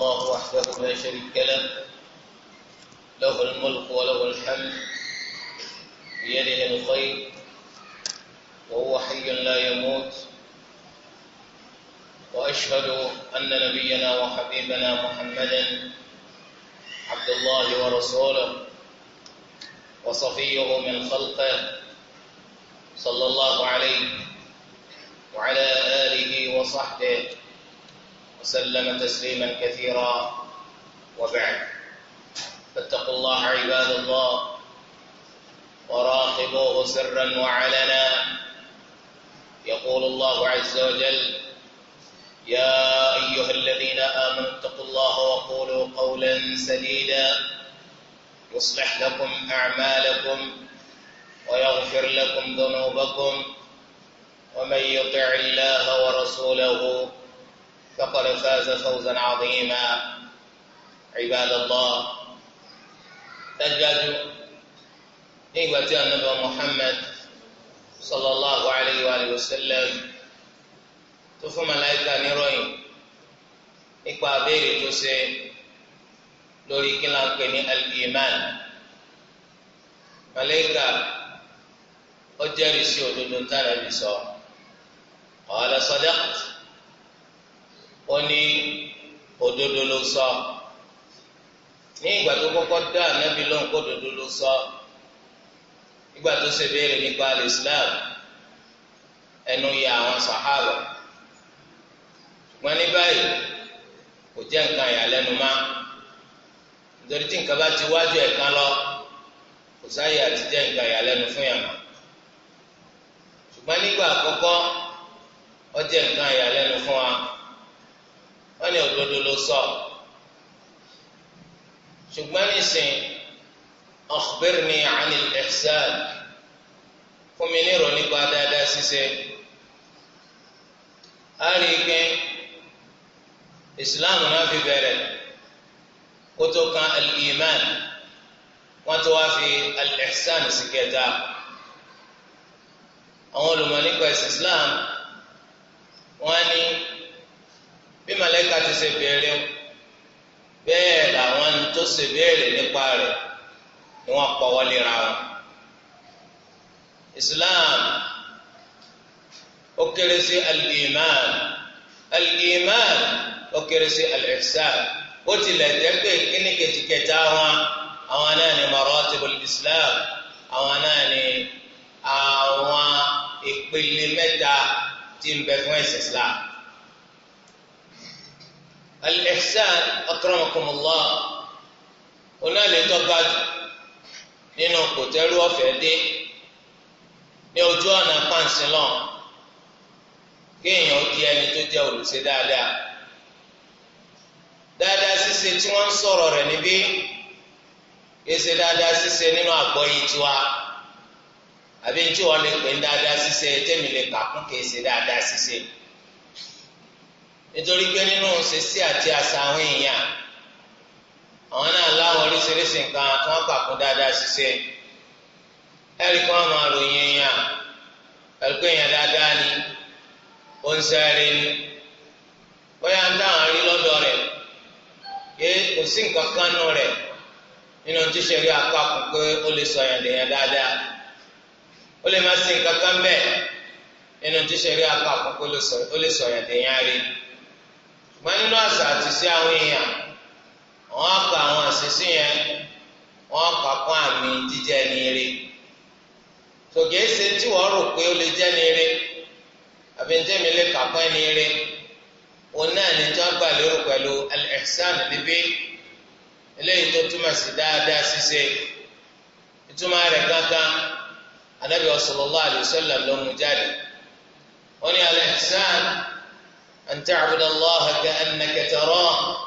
الله وحده لا شريك له له الملك وله الحمد بيده الخير وهو حي لا يموت واشهد ان نبينا وحبيبنا محمدا عبد الله ورسوله وصفيه من خلقه صلى الله عليه وعلى اله وصحبه وسلم تسليما كثيرا وبعد فاتقوا الله عباد الله وراقبوه سرا وعلنا يقول الله عز وجل يا أيها الذين آمنوا اتقوا الله وقولوا قولا سديدا يصلح لكم أعمالكم ويغفر لكم ذنوبكم ومن يطع الله ورسوله فقد فاز فوزا عظيما عباد الله تجد نيبة النبي محمد صلى الله عليه وآله وسلم تفهم ملائكة نيروين nípa abéèrè tó ṣe lórí الإيمان la ń pè ní al-iman malayika ó ní òdodo ló sọ ní ìgbà tó kọ́kọ́ dá ànábì lóhùn kó òdodo ló sọ ìgbà tó ṣe béèrè nípa islam ẹnu ya àwọn sàhábà ṣùgbọ́n ní báyìí kò jẹ́ nǹkan ìyàlẹ́nu má nítorí tí nǹkan bá ti wájú ẹ̀ka lọ kò sáyè àti jẹ́ nǹkan ìyàlẹ́nu fún yàrá ṣùgbọ́n nígbà àkọ́kọ́ ó jẹ́ nǹkan ìyàlẹ́nu fún wa. wọ́n ní òdodo ló sọ ṣùgbọ́n nísìn akhbirni anil ihsan fún mi ní ìròyìn nípa dáadáa ṣíṣe á rí i pé islam náà fi bẹ̀rẹ̀ kótó kan al-iman wọ́n tó wá fi al-ihsan sí kẹta àwọn olùmọ̀ nípa islam wọ́n á bí màlẹ́kà ti ṣe béèrè o bẹ́ẹ̀ làwọn tó ṣe béèrè nípa rẹ̀ ni wọ́n pọ̀ wọlé ra wọn. Islam ó kéré sí al-iman al-iman ó kéré sí al-ihsan ó tilẹ̀ jẹ́ pé kíní kejì kẹta àwọn náà ni maratibul Islam àwọn náà ni àwọn ìpele mẹ́ta tí ń bẹ fún ẹ̀sìn Islam al-ihsan akramakumullah oná lè tọ́gbà jù nínú kòtẹ́rù ọ̀fẹ́ dé ní ojú ọ̀nà pàǹsí náà kéèyàn di ẹni tó jẹ́ olùṣe dáadáa dáadáa ṣíṣe tí wọ́n ń sọ̀rọ̀ rẹ̀ níbí kéṣe dáadáa ṣíṣe nínú àgbọ̀ yìí tiwa àbí tí wọ́n lè pè ń dáadáa ṣíṣe tẹ́mi lè kà kún kéṣe dáadáa ṣíṣe nítorí pé nínú ṣẹṣẹ àti àṣà àwọn èèyàn àwọn náà láwọn oríṣiríṣi nǹkan tí wọn kàkún dáadáa ṣiṣẹ́ ẹrí kí wọn máa ròyìn èèyàn ẹrí pé èèyàn dáadáa ni ó ń sáré ni bóyá ń dáhùn rí lọ́dọ̀ rẹ̀ pé kò sí nǹkan kan nù rẹ̀ nínú tíṣe rí akákùn pé ó lè sọ èèyàn lèèyàn dáadáa ó lè má sí nǹkan kan bẹ́ẹ̀ nínú tíṣe rí akákùn pé ó lè sọ èèyàn lèèyàn rí ṣùgbọ́n nínú àṣà àti sí àwọn èèyàn wọ́n á ka àwọn àṣìṣe yẹn wọ́n á kà kún àmì jíjẹ́ ní eré tòkè ése tí wọ́n rò pé ó lè jẹ́ ní eré àbí ń tẹ́mi lè kà kún ní eré òun náà ní tí wọ́n gbà lérò pẹ̀lú al níbí eléyìí tó túmọ̀ sí dáadáa ṣíṣe ìtumọ̀ rẹ̀ kankan Ànábì sallallahu ló mú jáde wọ́n ní al-ihsan. أن تعبد الله كأنك تراه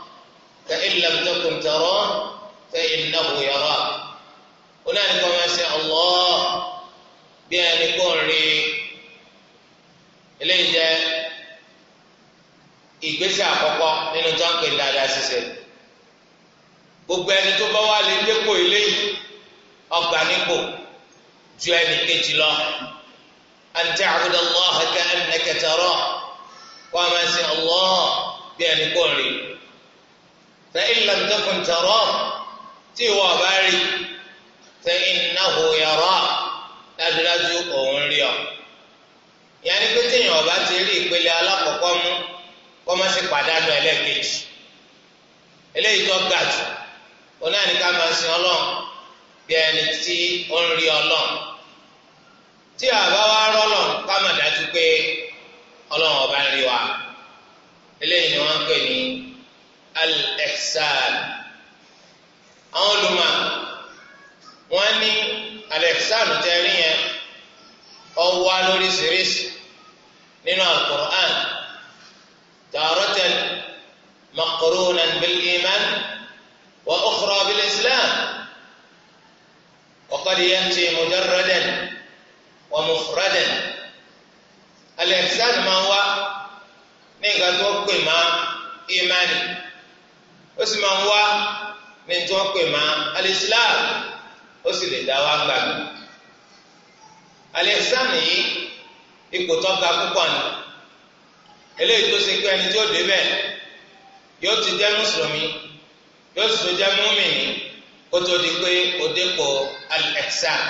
فإن لم تكن تراه فإنه يراك هنالك ما شاء الله بأن يكون لي إليه جاء ìgbésẹ̀ àkọ́kọ́ nínú jọ́ǹkì dáadáa ṣiṣẹ́ gbogbo ẹni tó bá wà lè dépò eléyìí ọgbà nípò ju ẹnì kejì lọ an ta'budallaha ka'annaka tarahu kó a máa sin Allah bí ẹni kò rí fa in lam takun tara tí ìwọ ọba rí fa innahu yara dájúdájú òun rí ọ ìyẹn ni pé téèyàn ọba ti rí ìpele alákọ̀ọ́kọ́ mú kó má sì pàdánù ẹlẹ́ẹ̀kejì eléyìí tó ga jù òun náà ní ká máa sin ọlọ́run bí ẹni tí ó ń rí ọlọ́run tí àbá wa rọ́lọ̀ ká má dájú pé ọlọ́run ọba ń rí wa eléyìí ni wọ́n ń pè ní al-ihsan àwọn olùmọ̀ wọ́n ní al-ihsan tẹ́rí yẹn ọwọ́ lóríṣiríṣi nínú al-Qur'an tààrọ́tẹ̀lì maqrunan wa ukhra bil-islam wa qad ya'ti mujarradan wa mufradan alẹ́sán máa ń wá ní nǹkan tó pè má ìmánì ó sì máa ń wá ní tó pè má alẹ́sílám ó sì lè dá wá gbà mí alẹ́sán yìí ipò tó ga púpọ̀ ni eléyìí tó ṣe pé ẹni tí ó débẹ̀ yóò ti jẹ́ mùsùlùmí yóò sì tún jẹ́ múmìnì kó tó di pé ó dépò alẹ́sán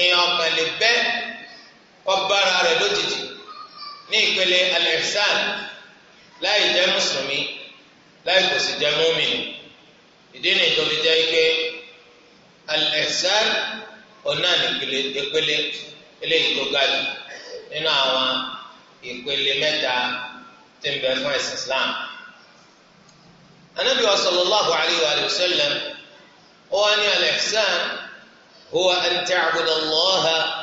èèyàn ọ̀kan lè bẹ́ẹ̀ ọbára rẹ̀ lójijì ní ìpele alẹ́sàn láì jẹ́ mùsùlùmí láì kò sì jẹ́ múmìnì ìdí ni ìtòbi jẹ́ ike alẹ́sàn ọ̀nà ìpele ìpele eléyìí tó ga jù nínú àwọn ìpele mẹ́ta tí ń bẹ fún ẹ̀sìn Islam. Ànábì wa sallallahu alayhi wa sallam ó wá ní huwa an ta'budallaha.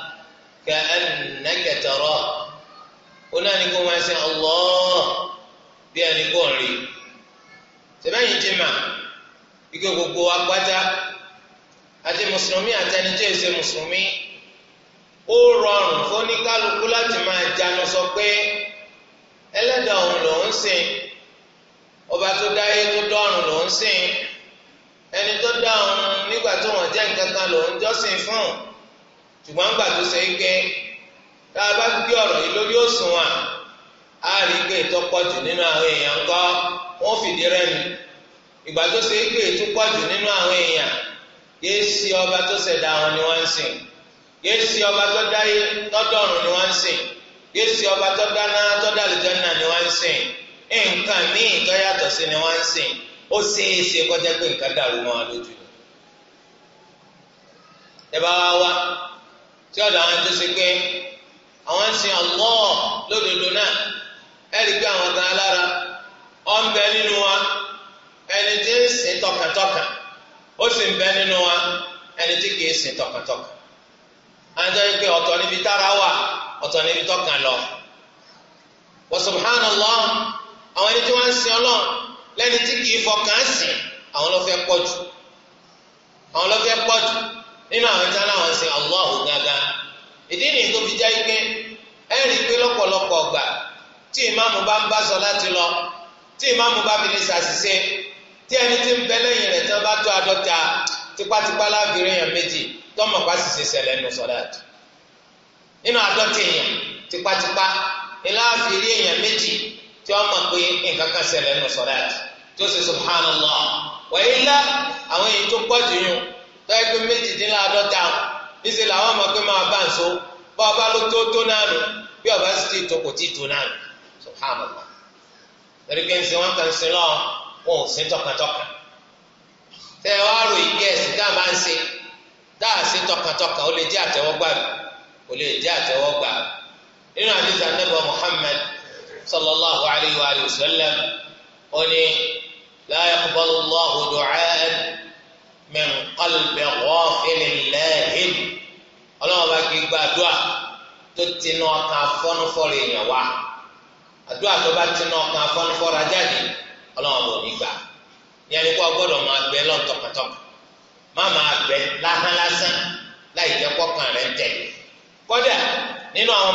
كأنك تراه oná ni kó máa ṣe Allah bí ẹni kó rí sẹ́mẹ́yìn ti mà ike gbogbo agbátá àti ó rọrùn fóníkálukú láti máa jánu sọ pé ẹlẹ́dàá òun lòún sìn ọba tó dáyé tó dọ́run lòún sìn ẹni tó dá òun nígbà tó wọ́n jẹ́ nǹkan kan lòún fún ṣùgbọ́n gbà tó ṣe é tá a bá gbé ọ̀rọ̀ yìí lórí òṣùwọ̀n á rí i pé ètò pọ̀jù nínú àwọn èèyàn ńkọ́ wọ́n fìdí rẹ́mi ìgbà tó ṣe é ètò pọ̀jù nínú àwọn èèyàn sí ọba tó ṣẹ̀dá wọn ni wọ́n ń sìn ọba tó dáyé tọ́dọ̀rùn ni wọ́n ń ọba tó dáná tọ́dà ni wọ́n ń sìn nǹkan míì tó yàtọ̀ sí ni wọ́n ń sìn ó tí ọ̀dọ̀ àwọn tó ṣe pé àwọn ń sin Allah lódodo náà ẹ̀rí pé àwọn kan alára ọ̀ ń bẹ nínú wa ẹni tí ń sin tọkàntọkàn ó sì ń bẹ nínú wa ẹni tí kì í sin pé ọ̀tọ̀ níbi tára lọ àwọn ẹni tí wọ́n ń sin ọlọ́run lẹ́ni tí kì í fọkàn sìn àwọn ló fẹ́ pọ̀ jù àwọn ló nínú àwọn tí aláwọn sin Allahu gangan ìdí nìyí tó fi jẹ́ ike ẹ rí i pé lọ́pọ̀lọpọ̀ ọgbà tí ìmáàmù bá ń bá sọ láti lọ tí ìmáàmù bá fi lè ṣàṣìṣe tí ẹni tí ń bẹ lẹ́yìn rẹ̀ tí wọ́n bá tó àádọ́ta tipátipá láàbìrì èèyàn méjì tọ́mọ pa ṣìṣe ṣẹlẹ̀ nù sọ́dáàtì nínú àádọ́ta èèyàn tipátipá ìláàbìrì èèyàn méjì tí wọ́n mọ̀ pé nǹkan kan ṣẹlẹ̀ nù sọ́dáàtì tó ṣe subhanallah wàyí lá àwọn èèyàn tó pọ̀ jù yún tọ́yẹ pé méjìdínláàdọ́ta níṣẹ́ làwọn ọmọ pé máa bá ń so bá ọba ló tó tó náà nù bí ọba sì ti tó kò tí tó náà nù subhanallah torí pé ń sin wọn kàn sin lọ wọn ò sin tọkàntọkàn tẹ ẹ wá rò ìgbé ẹsìn tá a máa ń ṣe tá a sin tọkàntọkàn ó lè jẹ àtẹ́wọ́gbà mi ó lè jẹ àtẹ́wọ́gbà mi nínú àdìsí anábọ Muhammad sallallahu alayhi wa sallam ó ní la yaqbalu Allahu du'a'an. min qalbi ghafilin lahin ọlọ́wọ́n bá kì í gba àdúrà tó tinú ọkàn afọ́nufọ́rọ̀ èèyàn wá àdúrà tó bá tinú ọkàn afọ́nufọ́rọ̀ ajáde ọlọ́wọ́n bò ní gbà yẹn kó gbọ́dọ̀ máa gbẹ má máa gbẹ láhán lásán láì jẹ́ kọ́kàn rẹ̀ ń nínú àwọn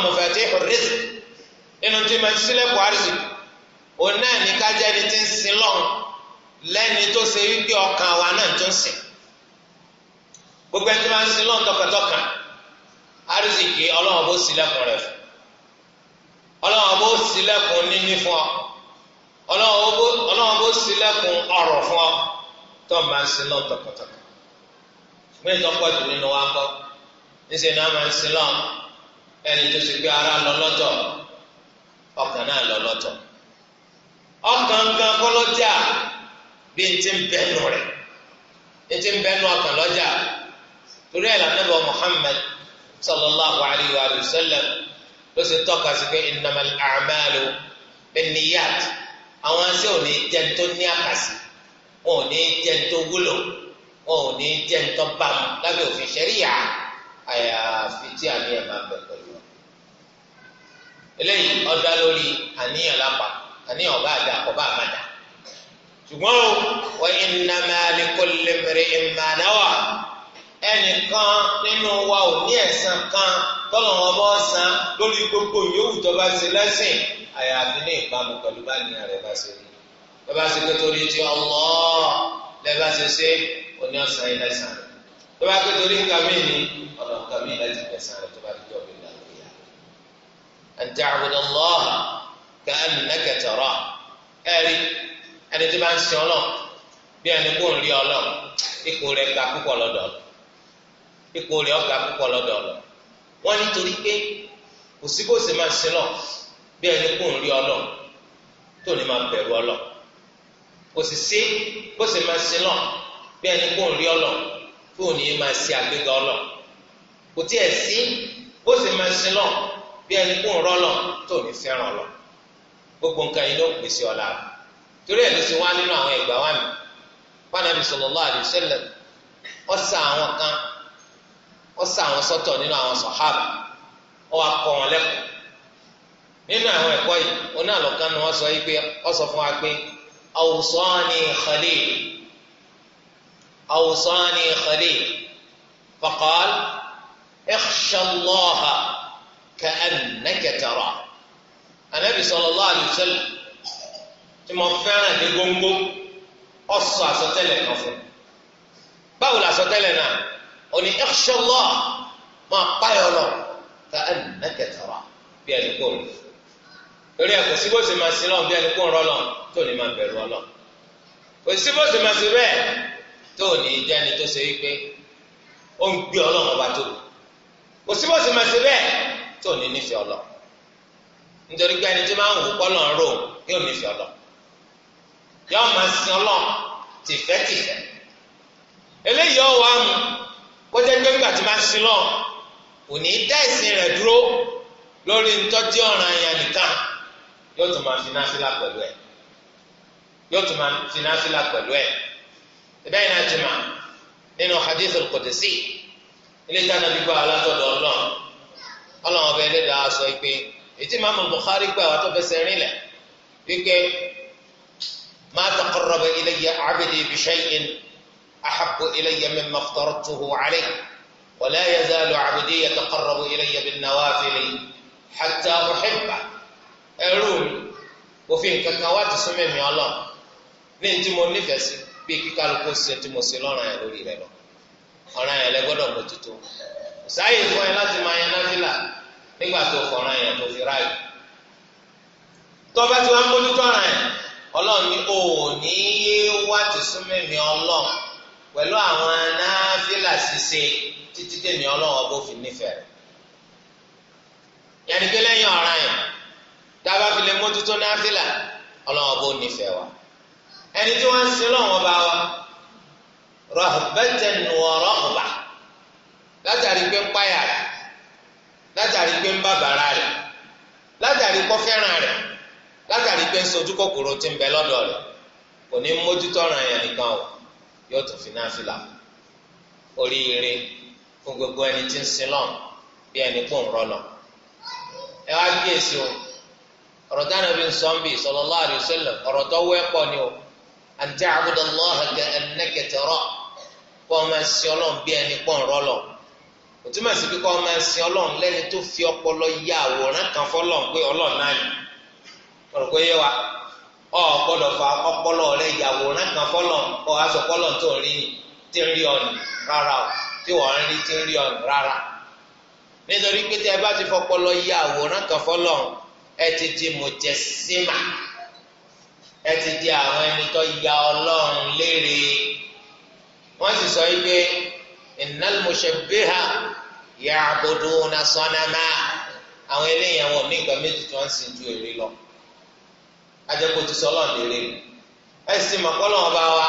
nínú tí ma sílẹ̀ buhari òun náà ní ti ń sin lọ́hùn lẹ́ni tó ṣe wípé wa náà tó ń gbogbo ẹni tí wọ́n sin lọ́n tọkàntọkàn arísìkì ọlọ́wọ́n bó sílẹ̀kùn rẹ̀ fún ọlọ́wọ́n bó sílẹ̀kùn níní fún ọ ọlọ́wọ́n bó sílẹ̀kùn ọ̀rọ̀ fún ọ tó máa ń sin lọ́n tọkàntọkàn gbẹ́ni tó jù nínú wa ni máa ń sin ẹni tó ara lọ ọkàn náà lọ orí ẹ̀ lànà bọ̀ Muhammad sallallahu alayhi wa sallam ló sì tọ́ka sí pé innamal a'malu binniyat àwọn asẹ́ ò ní jẹ́ tó ní àkàsí wọn ò ní jẹ́ tó wúlò wọn ò ní jẹ́ tó bá mu lábẹ́ òfin ṣẹ́ríyà àyàfi tí àmì ẹ̀ máa bẹ̀ pẹ̀lú wọn. eléyìí ọ̀dà lórí àníyàn lápá àníyàn ọba àdá ọba àmàdá ṣùgbọ́n wa innama likulli imri'in ma nawa ẹnìkan nínú wa ò ní ẹ̀san kan tọ́lọ̀ wọn bọ́ san lórí gbogbo ìyówù tó bá ṣe lẹ́sìn àyàfi ní ìbámu pẹ̀lú bá ní ààrẹ bá ṣe rí bá bá ṣe pé torí ti ọmọ lẹ́bàá ṣe ṣe oní ọ̀sán ilẹ̀ sàn tó bá pé torí nǹkan mí ni ọ̀nà nǹkan mí láti bẹ̀ rẹ̀ tó bá dúdú ọ̀gbìn náà lóya. an ta'budu Allah ka'annaka tarah ẹ̀rí ẹni tó bá ń sin ọlọ́ ipò rẹ̀ ọ̀gá púpọ̀ lọ́dọ̀ ọ̀lọ́ wọ́n nítorí pé kò sí bó ṣe máa ṣe lọ bí ẹni kò ń rí ọlọ́ tó ní máa bẹ̀rù ọlọ́ kò sì sí bó ṣe máa ṣe lọ bí ẹni kò ń rí ọlọ́ tó ní máa ṣe àgbéga ọlọ́ kò tí ẹ̀ sí bó ṣe máa ṣe lọ bí ẹni kò ń rọ́lọ́ tó ní fẹ́ràn ọlọ́ gbogbo nǹkan yìí ló pèsè ọ̀la torí ẹ̀ ló ṣe wá nínú àwọn ẹ̀gbá wa mi Ànábì sallallahu alaihi wasallam ọ̀sà àwọn kan ó sà àwọn sọ́tọ̀ nínú àwọn sàhábà ó wá kọ́ wọn lẹ́kọ̀ọ́ nínú àwọn ẹ̀kọ́ yìí oní àlọ́kán ni wọ́n sọ yìí pé ó sọ fún wa pé awsani khalil awsani khalil faqal ikhsha Allaha ka'annaka tara anabi sallallahu alaihi wasallam tí mo fẹ́ràn dé góńgó ó àsọtẹ́lẹ̀ kan fún báwo làsọtẹ́lẹ̀ náà òní ẹ̀ṣọ́lọ́ máa páyọ̀ lọ ká ẹ̀ nẹ́kẹ̀tọ̀rọ̀ bí ẹni kò rò torí ẹ̀ kò sí bó ṣe máa sin lọ́wọ́ bí ẹni kò rọ́ lọ tó ní máa bẹ̀rù ọ lọ kò sí bó ṣe máa sin bẹ́ẹ̀ tó ní jẹ́ni tó ṣe wípé ó ń gbé ọlọ́run ọba tó kò sí bó ṣe máa tó ní nífẹ̀ẹ́ ọlọ nítorí pé ẹni tí máa ń wò kọ́ lọ́n rò yóò nífẹ̀ẹ́ ọlọ yóò máa sin ọlọ́ tìfẹ́tìfẹ́ eléyìí ọ̀ wá mu kó jẹ́ pé nígbà tí máa ń sin lọ kò ní dá ìsìn rẹ̀ dúró lórí ntọ́jú ọ̀ràn yẹn nìkan yóò tún máa finá sílá pẹ̀lú ẹ̀ yóò tún máa finá sílá pẹ̀lú ẹ̀ ìbẹ́ yìí náà ti mà nínú hadith al-Qudsi ilé ìtànà gbígbà alátọ̀dọ̀ ọlọ́run ọlọ́run ọba ẹlẹ́dàá sọ pé ètí màmú Bukhari gbà wà tó fẹsẹ̀ rinlẹ̀ wípé ma taqarraba ilayya abdi bi shay'in. أحب إلي مما افترضته عليه ولا يزال عبدي يتقرب إلي بالنوافل حتى أحبه ẹrú òfin kankan wá ti súnmọ́ mi ọlọ́run ní tí mo nífẹ̀ẹ́ sí bí kíkálukú ṣe tí mo ṣe lọ́ràn yẹn lórí rẹ lọ ọ̀ràn yẹn lẹ gbọ́dọ̀ mójútó sáyè fún ẹ láti máa yan náfìlà nígbà tó fọ̀ràn yẹn tó fi ráàyè tọ́ba tí wọ́n mójútó ọ̀ràn yẹn ọlọ́run ní òní yé wá ti súnmọ́ mi ọlọ́run. pẹ̀lú àwọn anáfílà ṣíṣe títí tèmi ọlọ́wọ́ bó fi nífẹ̀ẹ́ rẹ̀. lẹ́yìn ọ̀ràn yẹn dábàá fi lè mójútó náfílà ọlọ́wọ́ bó nífẹ̀ẹ́ wa. ẹni tí wọ́n ń sin lọ́wọ́ bá wa rahbatan wa látàrí pé ń páyà rẹ̀ látàrí pé ń bàbàrà rẹ̀ látàrí pé fẹ́ràn rẹ̀ yóò tún fi náfìlà oríire fún gbogbo ẹni tí ń sin lọ́n bí ẹni kò ń rọlọ. ẹ wá kíyèsí o ọ̀rọ̀ táwọn ẹbí ń sọ ń bì sallallahu alaihi wasallam ọ̀rọ̀ tó wẹ́ pọ̀ ni o an ta'budu Allaha ka'annaka tarahu kọ́ ọ máa sin ọlọ́run bí ẹni kò ń rọlọ kò túmọ̀ sí pé kọ́ ọ máa sin ọlọ́run lẹ́ni tó fi ọpọlọ ya àwòrán kan fọlọ́run pé ọ gbọ́dọ̀ fa ọpọlọ rẹ ìyàwòrán kan fọlọ ọ aṣọ fọlọ tó ń rí ni tí ń rí ọnì rárá o tí wọn ń rí tí ń rí ọnì rárá nítorí pé tí ẹ bá ti fọpọlọ ya àwòrán kan fọlọ ẹ ti di mùjẹsímà ẹ ti di àwọn ẹni tó ya Ọlọ́run léèrè wọn sì sọ yìí pé innal mushabbiha ya'buduna sanama àwọn eléyìí àwọn mí nǹkan méjì tí wọn ń ju èrè lọ ajẹ́kọ̀ ti sọ ọlọ́run lérè mi ẹ̀ sì mọ̀ kọ́ lọ́wọ́ bá wa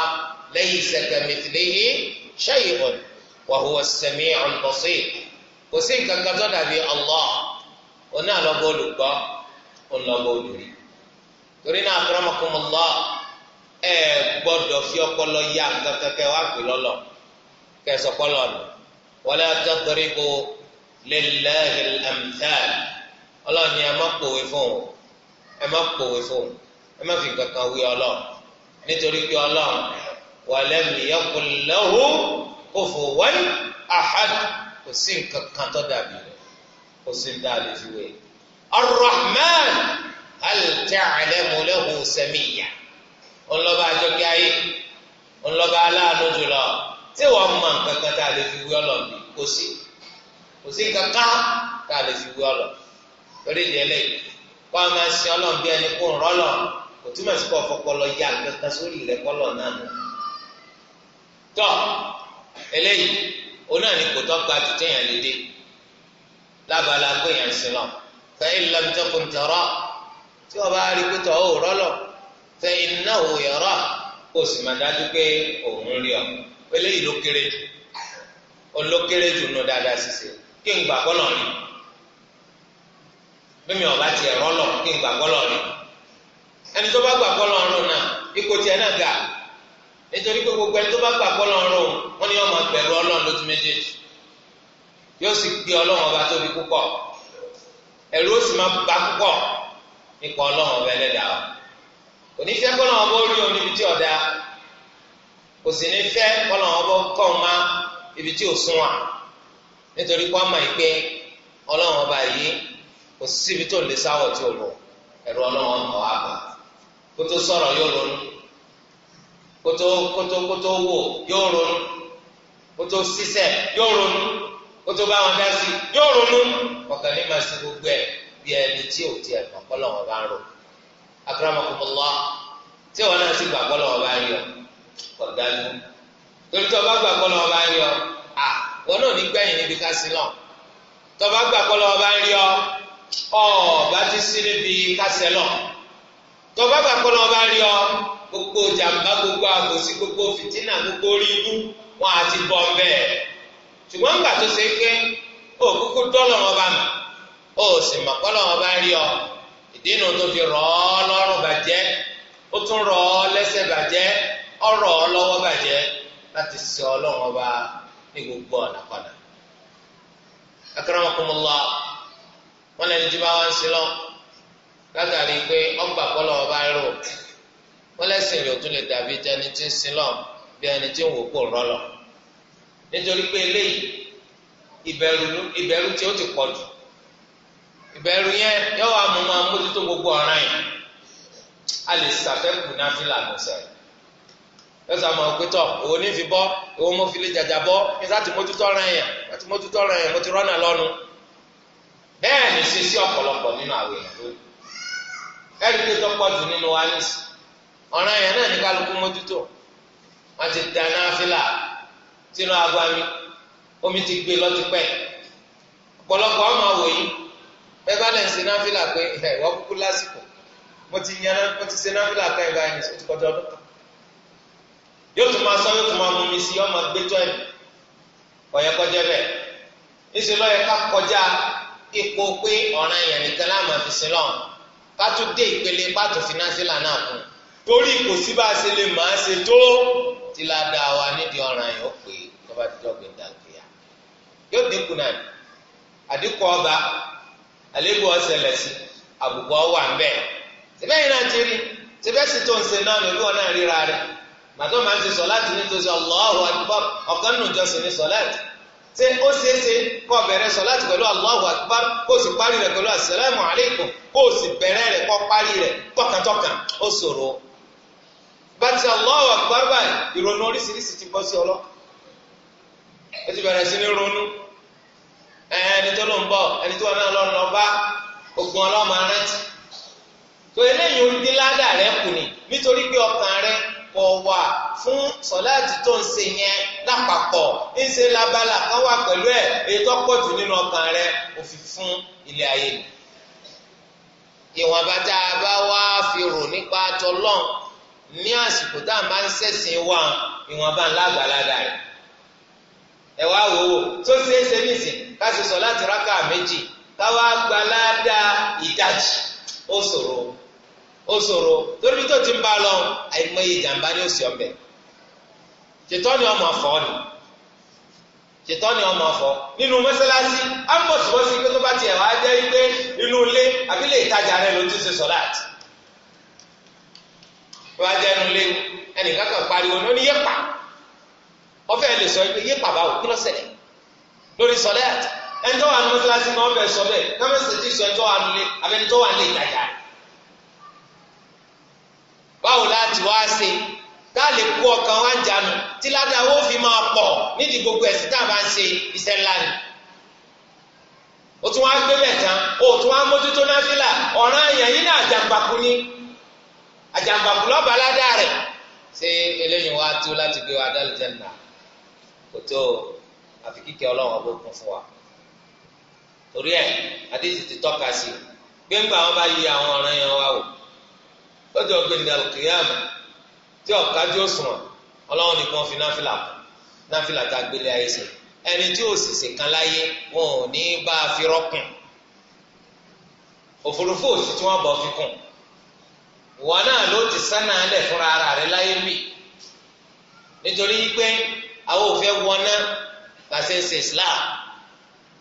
lẹ́yìn ìṣẹ̀kẹ̀ mìtìlẹ́yì ṣẹ́yìn wa huwa as-sami'ul basir kò sí nǹkan kan tó dàbí Allah oní àlọ́gbọ́ olùgbọ́ ọlọ́gbọ́ olùrí torí náà akramakumullah ẹ gbọ́dọ̀ fi ọpọlọ yá kankankẹ́ wá pè lọ́lọ́ kẹsọ̀ pọ́lọ́ nù wala tadribu lillahi al-amthal ọlọ́ni ẹ má pòwe fún un ẹ fún ẹ má fi kankan wí ọlọ́run nítorí pé ọlọ́run walam yakul lahu kufuwan ahad kò sí nǹkan kan tó dàbí rẹ̀ kò sí ń dá a lè fi wé Ar-Rahman hal ta'lamu lahu samiyya ńlọba àjọkẹ́ ayé ńlọba aláàánú jùlọ tí wọ́n mọ nǹkan kan tá a lè fi wí ọlọ́run bí kò sí kò sí nǹkan kan tá a lè fi wí ọlọ́run torí ìdí kó a máa sin ọlọ́run ẹni kó ń rọ́lọ́run kò túmọ̀ sí kọ́ fọpọlọ ya kankan sórí rẹ kọ́lọ̀ náà nù. tọ́ eléyìí òun náà ni kò tọ́ gba àtúntẹ̀yàn lédè lábala pé yẹn ń sin lọ fẹ́ẹ́ lọ́mítọ́kùn tọ̀rọ̀ tí wọ́n bá rí pé tọ́ ò rọ́lọ̀ fẹ́ẹ́ náà ò yọ̀rọ̀ kò sì máa dájú pé òun rí ọ eléyìí ló kéré jù olókéré jù nù dáadáa ṣiṣẹ́ kí n gbà kọ́lọ̀ rí mímí ọ̀bá tiẹ̀ rọ́lọ̀ kí n gbà kọ́lọ̀ rí ẹni tó bá gbà kọ́ lọ́rùn náà ipò tiẹ̀ náà ga nítorí pé gbogbo ẹni tó bá gbà kọ́ lọ́rùn wọn ni yóò máa bẹ̀rù ọlọ́run lójú méjèèjì yóò sì gbé ọlọ́run ọba tóbi púpọ̀ ẹ̀rù ó sì máa bá púpọ̀ nípa ọlọ́run ọba ẹlẹ́dàá kò ní fẹ́ kọ́lọ́run ọba orí òun níbi tí ọ̀dà kò sì ní fẹ́ kọ́lọ́run ọba kọ́ ọ̀ma ibi tí ò sunwọ̀n nítorí kó ọmọ yìí pé ọlọ́run ọba yìí kò síbi tó lè sáwọ̀ tí ò lọ ẹ̀rù ọlọ́run ọba wà bọ̀ kótó sọ̀rọ̀ yóò ronú kótó kótó kótó wò yóò ronú kótó sísẹ̀ yóò ronú kótó bá wọn dá sí yóò ronú ọkàn ní màá sí gbogbo ẹ̀ bí ẹni tí ò tiẹ̀ mọ̀ kọ́lọ̀ wọn bá ń rò akramakumullah tí wọn náà sì gbà kọ́lọ̀ wọn bá ń yọ kọ̀dájú torí tí wọn bá gbà kọ́lọ̀ wọn bá ń yọ à wọn náà ní gbẹ̀yìn níbi ká sí náà tí wọn bá gbà kọ́lọ̀ wọn bá ń yọ ọ̀ bá ti sí níbi ká sẹ́ náà tọba gbàgbọ́ náà bá rí ọ gbogbo jàmbá gbogbo àgòsí gbogbo fìtínà gbogbo ríru wọn àti bọ́ bẹ́ẹ̀ ṣùgbọ́n ńgbà tó ṣe pé ó kúkú dọ́lọ̀ wọn bá mà ó sì mà kọ́ lọ́wọ́ bá rí ọ ìdínà tó fi rọ̀ ọ́ lọ́rùn bàjẹ́ ó tún rọ̀ ọ́ lẹ́sẹ̀ bàjẹ́ ó rọ̀ ọ́ lọ́wọ́ bàjẹ́ láti ṣe ọlọ́run ọba ní gbogbo ọ̀nà padà. akérèmọkùnmọ́lá wọn lẹni tí bá wá ń ṣe lọ́wọ́. látàrí pé ọgbà kọlọ ọba rò wọn lẹsìn rẹ ò tún lè dàbí ti ẹni tí ń sin lọ bí ẹni tí ń wò kó rọlọ nítorí pé eléyìí ìbẹ̀rù tí ó ti pọ̀ jù ìbẹ̀rù yẹn yóò wá mú wọn gbogbo ọ̀ràn yìí a lè òpétọ̀ ní fi bọ́ mo fi lè jàjà bọ́ ọ̀ràn yẹn ọ̀ràn yẹn mo ti rọ́nà lọ́nu bẹ́ẹ̀ ni ọ̀pọ̀lọpọ̀ nínú àwòrán eléyìí tó pọ̀ nínú wa ní sùn ọ̀ràn yẹn náà ní kálukú mójútó wọn ti da náfìlà sínú agbo mi omi ti gbé lọ pẹ́ ọ̀pọ̀lọpọ̀ ọmọ àwòyí bẹ́ẹ̀ bá lẹ̀ ń ṣe pé ẹ̀ wọ́n kúkú lásìkò mo ti yan mo ti ẹ̀ báyìí ti ọdún kan yóò tún máa sọ yóò tún máa mú mi sí ọmọ ẹ̀ ọ̀yẹ́ kọjá bẹ́ẹ̀ ká kọjá ipò kátó dé ìpele pàtó fínásílà náà kù torí kò sí bá a ṣe lè máa ṣe tó ti la da wa nídìí ọ̀ràn yìí ó pè é tó bá ti dọ̀gbìn dàgbìyà yóò dínkù náà ni àdínkù ọba àlébù ọ̀sẹ̀lẹ̀ sí àbùkù ọwà ń bẹ̀ síbẹ̀ yìí náà ti rí síbẹ̀ sì tó ń ṣe náà lórí wọn náà ríra rẹ̀ màtó máa ń ṣe sọ láti nítorí Allahu Akbar ọ̀kan nù jọ́sìn ní sọ láti ṣe ó ṣe é ṣe kó bẹ̀rẹ̀ sọ láti pẹ̀lú Allahu Akbar kó o sì parí rẹ̀ pẹ̀lú assalamu alaikum kó o sì bẹ̀rẹ̀ rẹ̀ kó parí rẹ̀ tọkàntọkàn ó ṣòro. bàtí Allahu Akbar báyìí ìrònú oríṣiríṣi ti bọ́ sí ọlọ ó ti bẹ̀rẹ̀ sí ní ronú ẹni tó ló ń bọ̀ ẹni tó wà náà lọ́rùn lọ́ba ogun ọlọ́mọ arántí. tó eléyìí ó dín ládàá rẹ̀ kù ní nítorí pé ọkàn rẹ̀ àsìkò wa fún sọláàtì tó ń ṣe yẹn lápapọ̀ ńṣe labala kan wà pẹ̀lú ẹ̀ èyí tó pọ̀ jù nínú ọkàn rẹ òfin fún ilé ayé ni. ìwọ̀nba tá a bá wá fi rò nípa tọlọ́n ní àsìkò tá a máa ń ṣẹ̀sìn wà ìwọ̀nba ńlá àgbàládà rẹ̀. ẹ wá wò ó tó ṣeé ṣe nísìn ká ṣe sọláàtì rákà méjì ká wá gbaládà ìdajì ó ṣòro ó ṣòro torí tó ti ń bá lọ àìmọye ìjàmbá ní òsì ọbẹ ṣètọ́ ni ọmọ afọ ni ṣètọ́ ni ọmọ afọ nínú mọ́sálásí ámọ̀síwọ́sí pé tó bá tiẹ̀ wá jẹ́ pé inú ilé àbílẹ̀ ìtajà rẹ ló ti ṣe sọ́láàtì wọ́n á jẹ́ inú ilé ẹnìkan kan pariwo ní ó ní yẹ́pà ọfẹ lè sọ pé yé bàbá kí ló ṣẹlẹ̀ lórí sọlẹ àti ẹnitọ́ wà ní mọ́sálásí náà ọbẹ̀ sọ bẹ́ẹ̀ kámẹ́sì ti sọ ẹnitọ́ wà wà báwo láti wá ṣe tá a lè kó ọkàn wá jánu tí ládàá ó fi máa pọ̀ nídìí gbogbo ẹ̀sìn tá a bá ń ṣe iṣẹ́ ńlá ni o tún wá gbé bẹ̀ tán o tún wá mójútó náfìlà ọ̀ràn èèyàn yín náà àjàǹgbàkú ni àjàǹgbàkú lọ́ba ládàá rẹ̀ ṣé eléyìí wá tó láti gbé wa dálẹ́ jẹ́ nà kò tó àfi kíkẹ́ ọlọ́run ọgbó kún fún wa torí ẹ̀ adéjì ti tọ́ka sí gbẹ̀ngbà wọn bá yí àwọn ọ̀ràn yẹn wá wò lọ́jọ́ gbẹ̀ndẹ̀ alùkìyàmù tí ọ̀kájú òṣùwọ̀n ọlọ́run nìkan fi náfìlà kù náfìlà tá a gbélé ayé ṣe ẹni tí ò sì ṣe kan láyé wọn ò ní bá a fi rọ́kùn òfurufú òsì tí wọ́n bọ̀ fi kùn wọn náà ló ti sánà lẹ̀ fúnra ara rẹ̀ láyé mi nítorí pé àwọn òfẹ́ wọná làṣẹ ń ṣe Islam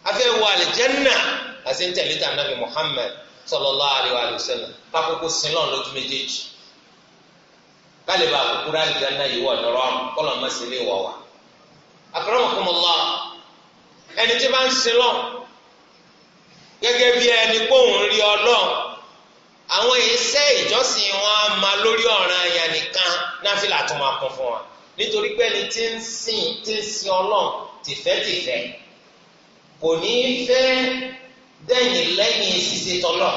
afẹ́ wọ àlìjẹ́nà làṣẹ ń tẹ̀lé tànàbí Muhammad sọlọlọ ariwa wa sallam kákókó sin lójú méjèèjì kálí bá àkókò rà nìkan náà yìí wọ̀ lọ́rọ́ ẹni tí bá ń bí ẹni pòun rí ọlọ́run àwọn iṣẹ́ ìjọsìn wọn á lórí àyà nìkan máa kún fún wa nítorí pé dẹ́yìn lẹ́yìn ṣíṣe tọ́lọ̀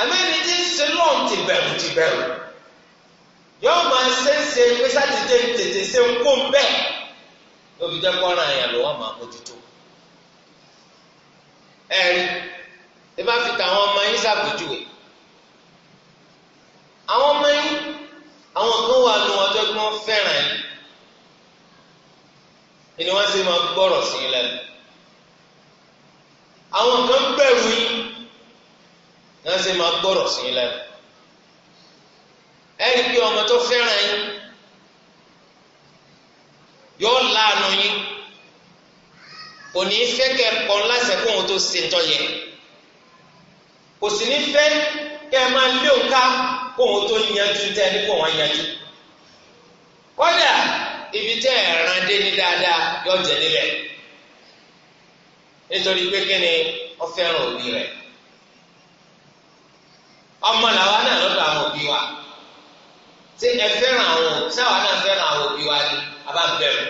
àmẹ́ni tí ń ṣe lọ́n ti bẹ̀rù ti bẹ̀rù yóò máa ṣe ń ṣe pé sátidé tètè ṣe ń kó bẹ́ẹ̀ lóbi jẹ́ kọ́ra ẹ̀yà ló wọ́n máa mójútó ẹ̀rí ẹ bá fi tàwọn ọmọ yín ṣàpèjúwe àwọn ọmọ yín àwọn kan wà nù ọjọ́ tí wọ́n fẹ́ràn yín ni wọ́n ṣe máa gbọ́rọ̀ sí i lẹ́nu. àwọn kan bẹ̀rù yín náà ṣe máa gbọ́rọ̀ sí yín ẹ̀rí pé ọmọ tó fẹ́ràn yín yóò láàánú yín kò ní í fẹ́ kẹ́ kọ́ òun tó ṣe ń kò sì ní fẹ́ kẹ́ ẹ máa tó yanjú ibi tẹ́ dé ní dáadáa yóò nílẹ̀. nítorí pé kí ni ó fẹ́ràn òbí rẹ̀ ọmọ làwa náà lọ́dọ̀ àwọn òbí wa ṣé ẹ fẹ́ràn àwọn sáwa náà fẹ́ràn àwọn òbí wa ni a bá ń bẹ̀rù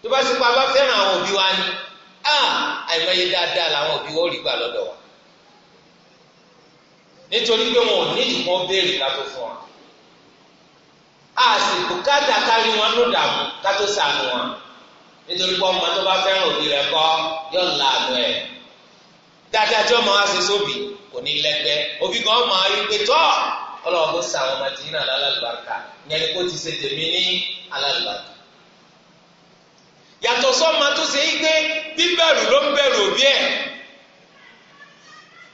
tó bá sì pa bá fẹ́ràn àwọn òbí wa ni a àìmọye dáadáa làwọn òbí wa ó rí gbà lọ́dọ̀ wa nítorí pé wọn ò ní ìdìbò béèrè ká fún wa a sì kárí wọn ló dààmú ká sànù wọn nítorí pé ọmọ tó bá fẹ́ràn òbí rẹ̀ kọ́ yóò la àlọ́ ẹ̀ dáadáa tí ọmọ wa ṣe sóbì kò ní lẹ́gbẹ́ òbí kan máa rí pé tọ́ ọlọ́wọ́ kó sa àwọn ọmọ tìyín náà lálàlùbáríkà ìyẹn ni kó ti ṣe tèmi ní alálùbáríkà yàtọ̀ sọ́mọ tó ṣe é gbé bíbẹ̀rù ló ń bẹ̀rù òbí ẹ̀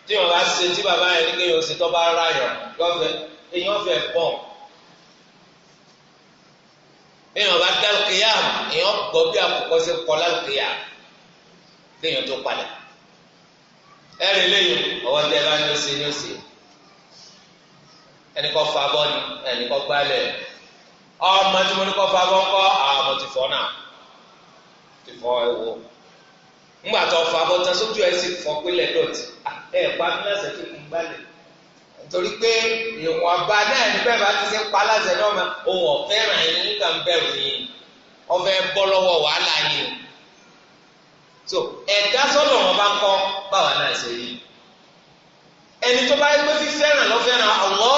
tí wọn bá ṣe tí bàbá yẹn ní kéèyàn ṣe tó bá ráyọ̀ yọ̀ọ̀fẹ́ èèyàn bá dá lùkìyàmù èèyàn gbọ́ bí àkùkọ ṣe kọ́ lálùkìyàmù tó padà ẹ̀rìn léèyàn ọwọ́ tẹ bá ní ó ní ó ẹnì fa ni ẹnì ọmọ tí mo ní kọ́ fa ńkọ́ ti fọ́ náà ti fọ́ ewo ńgbà tó fa abọ́ tán sójú ẹ̀ sì fọ́ torí pé ìwọ̀nba náà ní bẹ́ẹ̀ bá ti ṣe pa náà mọ ohun ọ̀fẹ́ ràn yín nígbà ń bẹ̀rù yín bọ́ lọ́wọ́ wàhálà yín o so ẹ̀dá sọ́dọ̀ wọn bá kọ́ báwa náà ṣe rí ẹni tó bá yẹ pé fífẹ́ràn lọ́fẹ́ràn àwọ̀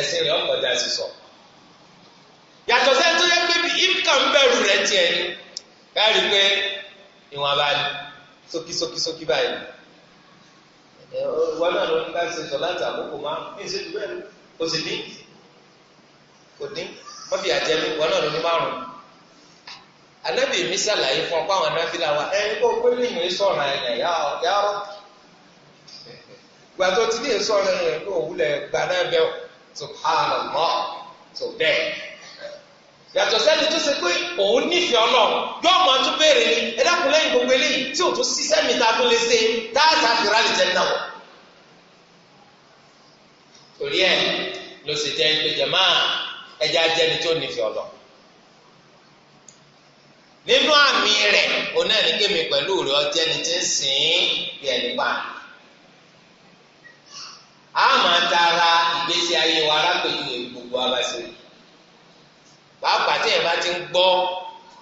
ẹ̀sìn rẹ̀ ọ̀pọ̀jà sì sọ yàtọ̀ sẹ́ni tó yẹ pé bí ìkà ń bẹ̀rù rẹ̀ tiẹ̀ ni pé ìwọ̀nba sókísókísókí báyìí ìwọ náà ló ní ká ṣe sọ àkókò máa ń ṣe jù bẹ́ẹ̀ kò sì dín kò dín mọ́fì àjẹmí ìwọ náà ló ní márùn-ún mi ṣàlàyé fún àwọn wa ẹ kó pé gbà tó ti ẹ̀yà kó gbà náà bẹ́ẹ̀ tó yàtọ̀ sẹ́ni tó ṣe pé òun nífẹ̀ẹ́ ọlọ́run yóò máa tún béèrè ni ẹ dákun lẹ́yìn gbogbo eléyìí tí ò tún sí sẹ́mi ta tó lè ṣe táàtà fìrà lè jẹ́ náà. torí ẹ ló sì jẹ́ pé jẹ̀má ẹja jẹ́ni tó nífẹ̀ẹ́ ọlọ́run. nínú àmì rẹ̀ òun náà ní kémi pẹ̀lú rẹ̀ ọjẹ́ ni ti ń sìn bí ẹni pa. a máa tara ìgbésí ayé wa arákùnrin gbogbo abáṣe rẹ̀. pàápàá bá ti ń gbọ́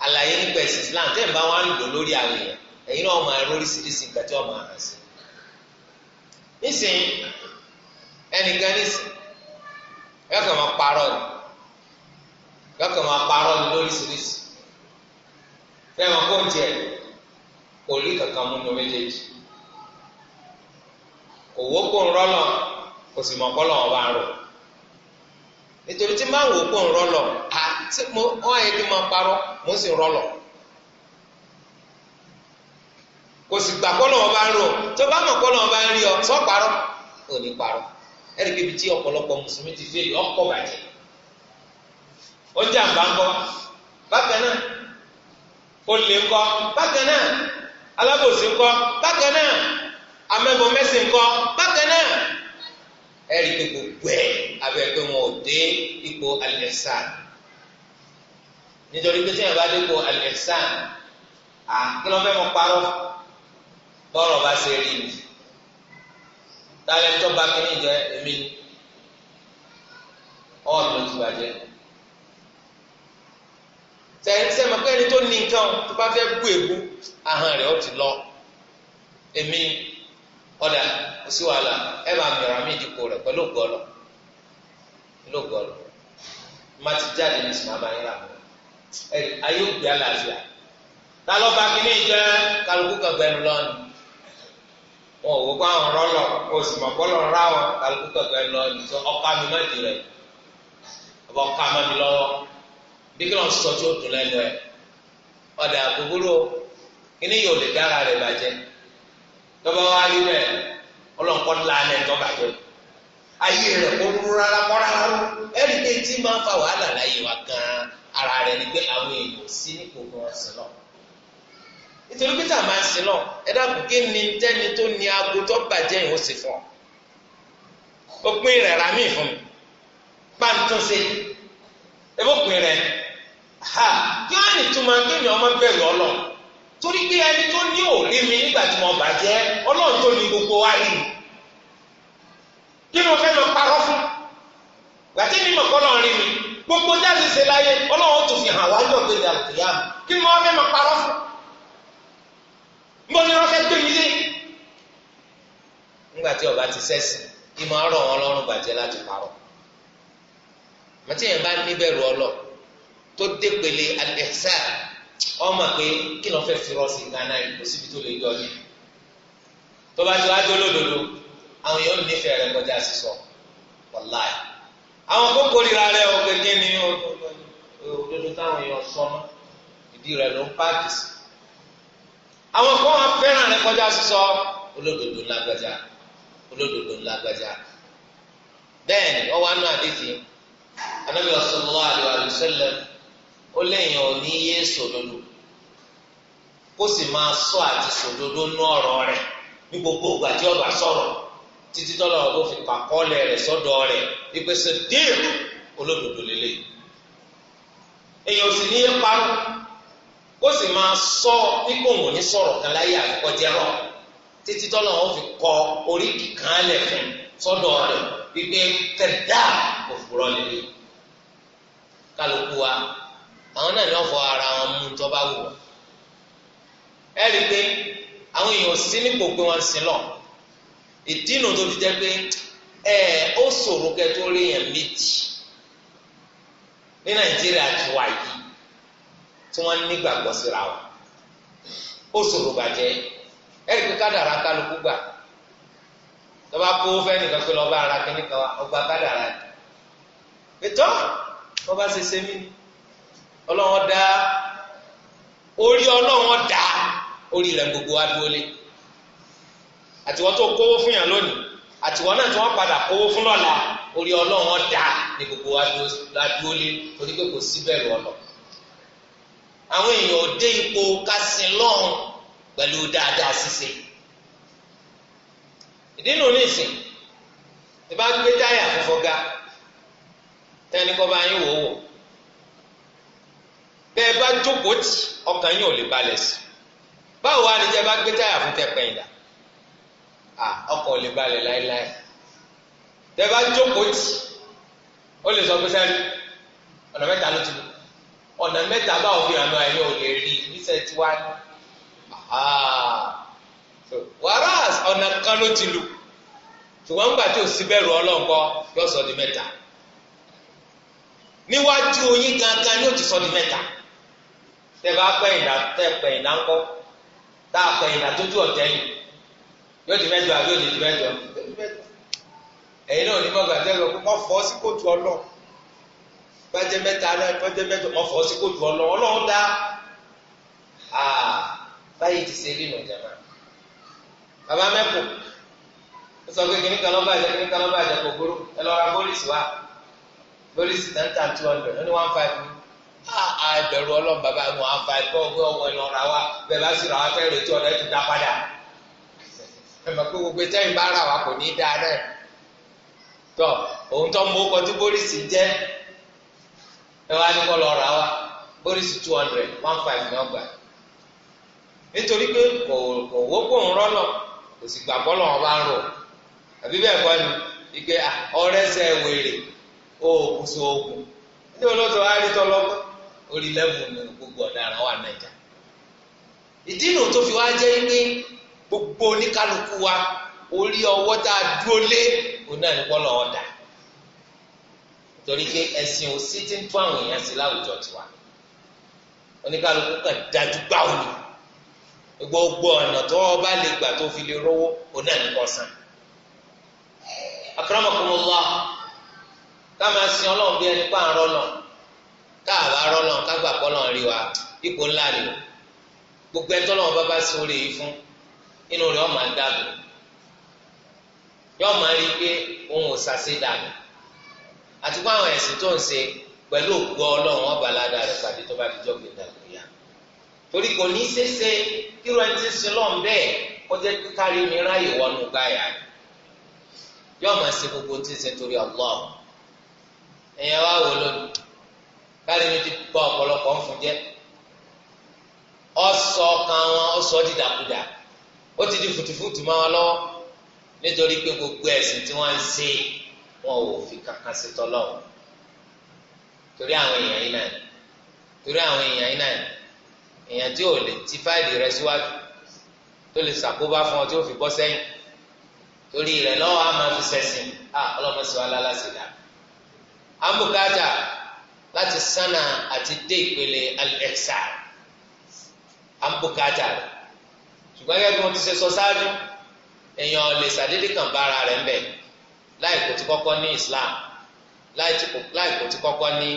àlàyé nípa ẹ̀sìn Islam tẹ́ bá wà ń lò lórí àwọn èèyàn ẹ̀yin náà máa lóríṣiríṣi nǹkan tí wọ́n máa hàn sí. nísìnyí ẹnìkan nísìnyí yọkàn máa parọ́ ni yọkàn máa parọ́ ni lóríṣiríṣi fẹ́ràn kó ń kò rí kankan mú nu méjèèjì òwò kò ń rọ́lọ̀ kò sì mọ̀ kọ́ lọ́wọ́ bá ń tí mo ọ̀ yẹ kí n máa mo sì rọlọ̀ kò sì gbà kọ́ lọ́wọ́ bá ń rò tó bá mọ̀ kọ́ lọ́wọ́ bá ń rí ọ sọ parọ́ ò ní parọ́ ẹ̀rí kébi tí ọ̀pọ̀lọpọ̀ mùsùlùmí ti fi ọkọ̀ bàjẹ́ ó jẹ́ àǹbá ń bọ́ bákan náà olè ńkọ́ bákan náà alábòsí ńkọ́ bákan náà amẹ́bọ mẹ́sìn ńkọ́ bákan náà ẹ̀rí gbogbo ẹ̀ abẹ́ wọn ò dé ipò alẹ́ sáà nítorí pé sẹ́yìn bá dépò al-ihsan àkínlọ́fẹ́ mọ parọ́ bọ́rọ̀ bá ṣe rí mi tálẹ́tọ́ bá kíní jẹ èmi ọ̀ọ́dún ló ti bàjẹ́ tẹ̀yìn sẹ́mi pé ẹni tó ní nǹkan tó bá fẹ́ bú èbú ahọ́n rẹ̀ ó ti lọ èmi ọ̀dà kò sí wàhálà ẹ máa mìíràn mí ìdìpọ̀ rẹ̀ pẹ̀lú ògbọ́lọ̀ pẹ̀lú ògbọ́lọ̀ má ti jáde ní sinimá báyìí rà mí ayé òbí àlàáfíà ta ló bá kí ní jẹ kálukú kan gbẹnu lọ́nù wọn ò wò pé àwọn rọlọ oṣù mọ̀kọ́lọ̀ rà wọn kálukú kan gbẹnu lọ́nù sọ ọkọ mi má di rẹ ọba ọkọ àmọ́ mi lọ́wọ́ bí kí lọ́n sọ tí ó dùn lẹ́nu ẹ̀ ọ̀dà àbúrò kí ní yóò lè dára rẹ̀ bàjẹ́ tọ́ba wa rí bẹ́ẹ̀ ọlọ́nkọ́ lálẹ́ tó bàjẹ́ ayé rẹ̀ kó rú rárá kọ́ rárá ẹ̀rí pé tí máa ń fa wàhálà láyé wa gan ara rẹ̀ ni pé àwọn èèyàn sí nípò bí wọ́n lọ. nítorí pé tá a máa ẹ dákun kí ni tó ní aago tó bàjẹ́ yìí ó sì ó pín rẹ̀ ra fún mi pín rẹ̀ ha kí wọ́n ni ọmọ bẹ̀rù torí pé ẹni tó ní òrí mi nígbà tí mo bàjẹ́ ọlọ́run tó ní gbogbo wa rí mi kí ni mo fẹ́ lọ parọ́ fún gbàtí mi mọ̀ kọ́ lọ́ọ́ gbogbo jáde ṣe láyé ọlọ́run tó fi hàn wájọ́ pé ìyá òkè yá kí ni wọ́n fẹ́ parọ́ fún mo ní ọba ti sẹ́sìn kí máa rọ̀ wọn lọ́rùn bàjẹ́ láti parọ́ màtí èèyàn bá níbẹ̀rù ọlọ tó ọmọ pé kí fẹ́ fi rọ́ọ̀sì gánà ìlú síbi tó lè yọ ni tó bá ti wá dé olódodo àwọn èèyàn nífẹ̀ẹ́ rẹ̀ kọjá sísọ àwọn tó kórìíra rẹ o pé ni òdodo táwọn èèyàn sọ ìdí rẹ ló ń páàkì sí àwọn kan wà fẹ́ràn rẹ kọjá sísọ olódodo lágbájá olódodo lágbájá bẹ́ẹ̀ ni wá nù àdéhìí anábì ó yé sòdodo kó sì máa sọ títí tọ́lọ̀ ọ̀bọ fi pàkọ́lẹ̀ rẹ̀ sọ́dọ̀ rẹ̀ ìpèsè díìrù olódodo lélẹ̀ èèyàn sì ní í parọ́ kó sì máa sọ pípò wò ní sọ̀rọ̀ kan láyé àfikọ́jẹ́rọ̀ títí tọ́lọ̀ ọ̀bọ fi kọ oríkì kan lẹ̀ fún sọ́dọ̀ rẹ̀ wípé tẹ̀dá òfurọ́ lélẹ̀ kálukú wa àwọn náà lọ́ fọ ara wọn mú tọ́ wù wọ́n ẹ rí i pé àwọn èèyàn sí nípò pé wọ́n ń sin lọ́ọ̀ ìdínà tó fi jẹ́ pé ẹ ó ṣòro kẹtó rí yẹn méjì ní nàìjíríà ti wà yìí tí wọ́n nígbàgbọ́ síra wọn ó ṣòro bàjẹ́ ẹ̀rí pé kádàrá kálukú gbà tọ́ba kó ara kẹ́nìkan ọgbà kádàrá ètò ọba ṣẹṣẹ dá orí dá orí gbogbo adúlé. àtiwọ́n tó kówó fún yàn lónìí àtiwọ́n náà tí wọ́n padà kówó fún lọ́la orí ọlọ́run ọ̀dà ní gbogbo adúlé torí pé kò sí bẹ̀rù ọ̀nà. àwọn èèyàn ò dé ipò kásìn lọ́run pẹ̀lú dáadáa ṣíṣe. ìdínú nísìn ìbá gbé táyà fúnfọ́ ga tẹ́ni kọ́ bá yín wò wò bẹ́ẹ̀ bá jókòó tì ọkàn yín ò lè balẹ̀ sí báwo wá ní jẹ́ bá gbé táyà fún tẹ́pẹ́ yìí ọkọ̀ ò lè balẹ̀ láéláé tẹ́ jókòó tì ó lè sọ pé sẹ́ni ọ̀nà mẹ́ta ló ti lò ọ̀nà mẹ́ta bá òfin àná ẹ̀yìn ò lè rí níṣẹ́ tí wá ní wàrà ọ̀nà kan ló ti lò ṣùgbọ́n gbà tí ò sí bẹ̀rù ọlọ́ǹkọ yóò sọ di sọ di mẹ́ta yóò di mẹ́jọ àbí òní di mẹ́jọ ẹ̀yin náà ní mọ̀gà tẹ́ lọ kó fọ́ sí kóòtù ọlọ́ bàjẹ́ mẹ́ta náà bàjẹ́ mẹ́jọ mọ̀ fọ́ sí kóòtù ọlọ́ ọlọ́run dá báyìí ti ṣe rí nàìjà náà bàbá mẹ́kù ó sọ pé kìnnìkan lọ́ba àjẹ kìnnìkan lọ́ba àjẹ kò gbóró ẹ lọ ra bólísì wa bólísì náà ń tà two hundred ó ní one five ní àbẹ̀rù ọlọ́run bàbá àwọn àǹfààní kọ́ ọ̀gbẹ́ ọ̀wọ́ ẹ lọ ra wa bẹ́ẹ̀ bá sì ra wa fẹ́ẹ́ retí ọ̀dọ́ ẹ ti dá padà. ẹ pé gbogbo tẹ́yìn bá ra wa kò ní í dáa náà tọ́ òun tó mú kọjú bórísì jẹ́ ẹ wá ní kọ́ lọ ra wa two hundred one five ní ọgbà nítorí pé kò kò wọ́pọ̀ ń rọ́nà kò sì gbàgbọ́ lọ́wọ́ bá ń àbí bẹ́ẹ̀ kọ́ ni ike wèrè oògùn sí oògùn ní gbogbo oníkálukú wa orí ọwọ́ tá a dúró lé òun náà ní bọ́lọ̀ ọ̀dà torí pé ẹ̀sìn ò sí ti ń tó àwọn èèyàn sí láwùjọ tiwa oníkálukú kan dájú gbáwò ni gbogbo ọ̀nà tó o bá lè gbà tó fi lè rówó òun náà ní kọ́ san akramakumullah ká máa sin ọlọ́run bí ẹni pa àrọ́ náà káàbà àrọ́ náà ká gbà pọ́ rí wa ipò ńlá ni o gbogbo ẹtọ́ náà bá bá sórí yìí fún inú rẹ̀ ọmọ dàgbò yọ ọmọ rí pé òun ò sàṣe dàgbò àti pé àwọn ẹ̀sìn tó ń ṣe pẹ̀lú òkú ọlọ́run ọba aládàá rẹ̀ pàdé tó bá fi jọ́ gbé dàgbò yá torí kò ní í ṣeéṣe kíru ẹni tí ń sin lọ́n bẹ́ẹ̀ kọjá kárí mi ráyè wọnú gbáyà yọ ọmọ ṣe gbogbo tí ń ṣe torí Allah ẹ̀yẹ wá wò lónìí kárí mi ti bọ́ ọ̀pọ̀lọpọ̀ ń fún jẹ́ ọ̀sọ̀ kan wọn ọ̀sọ̀ dídàkudà ó ti di fùtùfùtù mọ́ wọn lọ́wọ́ nítorí pé gbogbo ẹ̀sìn tí wọ́n ń ṣe wọn ò fi kankan sí tọ́lọ́wọ́ torí àwọn èèyàn yìí náà torí àwọn èèyàn yìí náà èèyàn tí ò lè ti fáìlì rẹ síwájú tó lè ṣàkóbá fún ọ tí ó fi bọ́ sẹ́yìn torí rẹ lọ́wọ́ á máa fi ṣẹ̀sìn á ọlọ́mọ sí wa lálá sí dáa àmúkátà láti sánà àti dé ìpele al-ihsan àmúkátà rẹ. ṣùgbọ́n gẹ́gẹ́ ti ṣe sọ ṣáájú èèyàn lè ṣàdédé kan bára rẹ̀ ń bẹ̀ láì kò ti kọ́kọ́ ní Islam láì kò ti kọ́kọ́ ní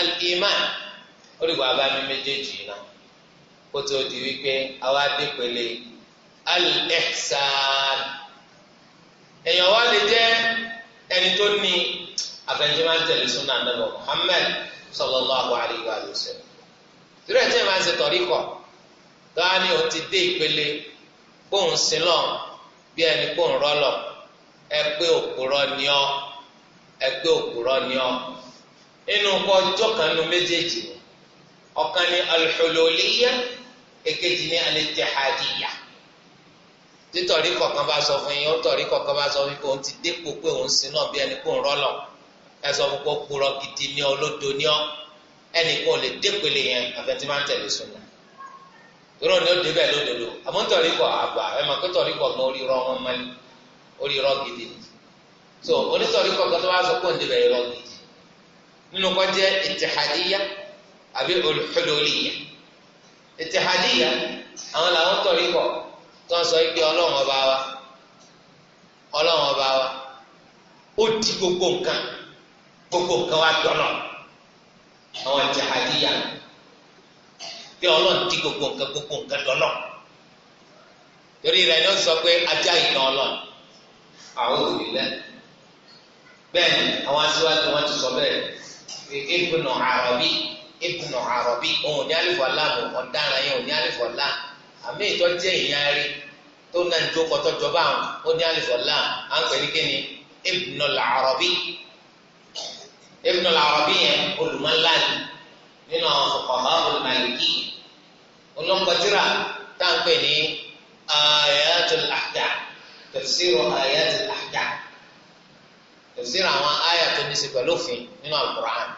al-iman ó lè wá bá mi méjèèjì náà kó tó di wípé àwa dé pele al-ihsan èèyàn wá lè jẹ́ ẹni tó ní àfẹnjẹ́ máa ń tẹ̀lé sunnah tọ́wání o ti dé ìpele kóun sin lọ bí ẹni kóun rọlọ ẹgbẹ́ òkúrọ́ ni ọ́ ẹgbẹ́ òkúrọ́ ni ọ́ inú kọ́ ọjọ́ kan nu méjèèjì ọ̀kan ni alḥululiyya èkejì ni al-ittihadiyya títọ̀rí kọ̀ọ̀kan bá sọ fún yín ó tọ̀rí kọ̀ọ̀kan bá sọ fún yín kó o ti dépò pé òun sin bí ẹni kó ń ẹ sọ fún kó kúrọ̀ gidi ní ọ lódo ní ọ ẹnì kan ò lè dépele yẹn àfẹntí máa ń tẹ̀lé sunna tóró ni ó dé bẹ́ẹ̀ lódodo àmọ́ nítorí kọ àgbà ẹ máa kó torí kọ gan orí rọ wọn mọ́lẹ̀ orí rọ gidi so onítọ̀rí kọ gan tó bá sọ pé òun débẹ̀ rọ gidi nínú kọ jẹ́ ìtìhàdíyà àbí olùhùlùlìyà ìtìhàdíyà àwọn làwọn tọ̀rí kọ tó ń sọ pé ọlọ́run ọba wa ọlọ́run ọba wa ó di gbogbo nǹkan gbogbo nǹkan wa dọ́nà àwọn ìtìhàdíyà pé ọlọ́run ti gbogbo nǹkan gbogbo nǹkan lọ́lọ́ torí rẹ̀ ni ó sọ pé ajá ìtàn ọlọ́run àwọn òbí lẹ bẹ́ẹ̀ ni àwọn aṣíwájú wọn ti sọ bẹ́ẹ̀ pé ibùnà àrọ̀bí ibùnà àrọ̀bí òun ní àlìfọ̀ aláàbò ọ̀daràn yẹn òun ní àlìfọ̀ láà àmì ìtọ́jú èèyàn rí tó náà ń jókòó tọ́jọba àwọn ó ní àlìfọ̀ láà à ń pè ní kíni ibùnà làrọ̀bí ibùnà làrọ̀bí yẹn olùmọ̀láàdì nínú àwọn fòkànlá olùmọ̀lẹ́kì yẹn olóńgbàtìrà tá à ń pè ní ayatul ahkam tafsiru ayatul ahkam tafsiru àwọn àyà tó ní í ṣe pẹ̀lú òfin nínú alukur'an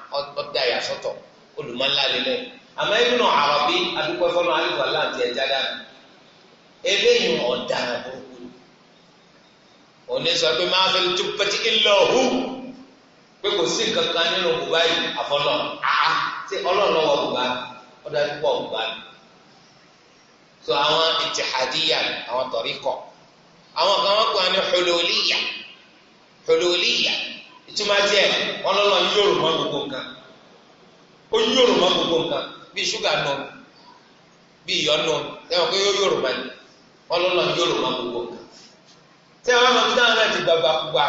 ọ̀dà ìyàsọ́tọ̀ olùmọ̀lá lélẹ̀ àmọ́ Ibn Arabi adúgbò fọlọ́ alùpùpù aláǹtí ẹ̀já dànù eléyìí ọ̀daràn burúkú òní sọ pé máa fẹ́ tó pẹ́tí illa hu pé kò sí nǹkan kan nínú bùbá yìí àfọlọ́ àá tí ọlọ́ọ̀lọ́wọ́ bùbá ọ̀dà púpọ̀ bùbá yìí so àwọn ìtìhadíyà àwọn tọ̀ríkọ̀ àwọn kan wọ́n pè wọ́n ní hululiyya hululiyya ìtumá tiẹ̀ wọ́n lọ́lọ́ yóòrò mọ́ gbogbo nǹkan ó yóòrò mọ́ gbogbo nǹkan bíi ṣúgà nù bíi iyọ̀ nù ẹ̀wọ̀n pé yóò yóòrò mọ́ ni wọ́n lọ́lọ́ yóòrò mọ́ gbogbo nǹkan tí àwọn ọmọ bíi táwọn náà ti gbàgbà gbà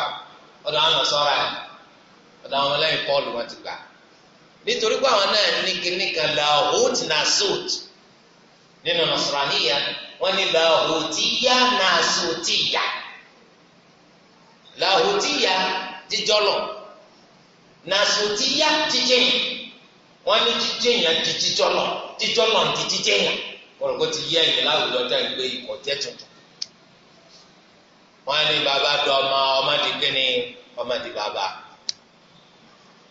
ọ̀dọ̀ àwọn sọ́ra ẹ̀ ọ̀dọ̀ àwọn ọmọlẹ́yìn pọ́ọ̀lù wọn ti gbà nítorí pé àwọn náà ní nínú nasraniya wọ́n ní lahutiya nasutiya lahutiya jíjọlọ nasutiya jíjẹyìn wọ́n ní jíjẹyìn di jíjọlọ jíjọlọ di jíjẹyìn kọlọkọ ti yẹ ẹ̀yìn láwùjọ tá ìgbé ìkọjẹ tuntun wọ́n ní bàbá dọ ọmọ ọmọ di kíni ọmọ di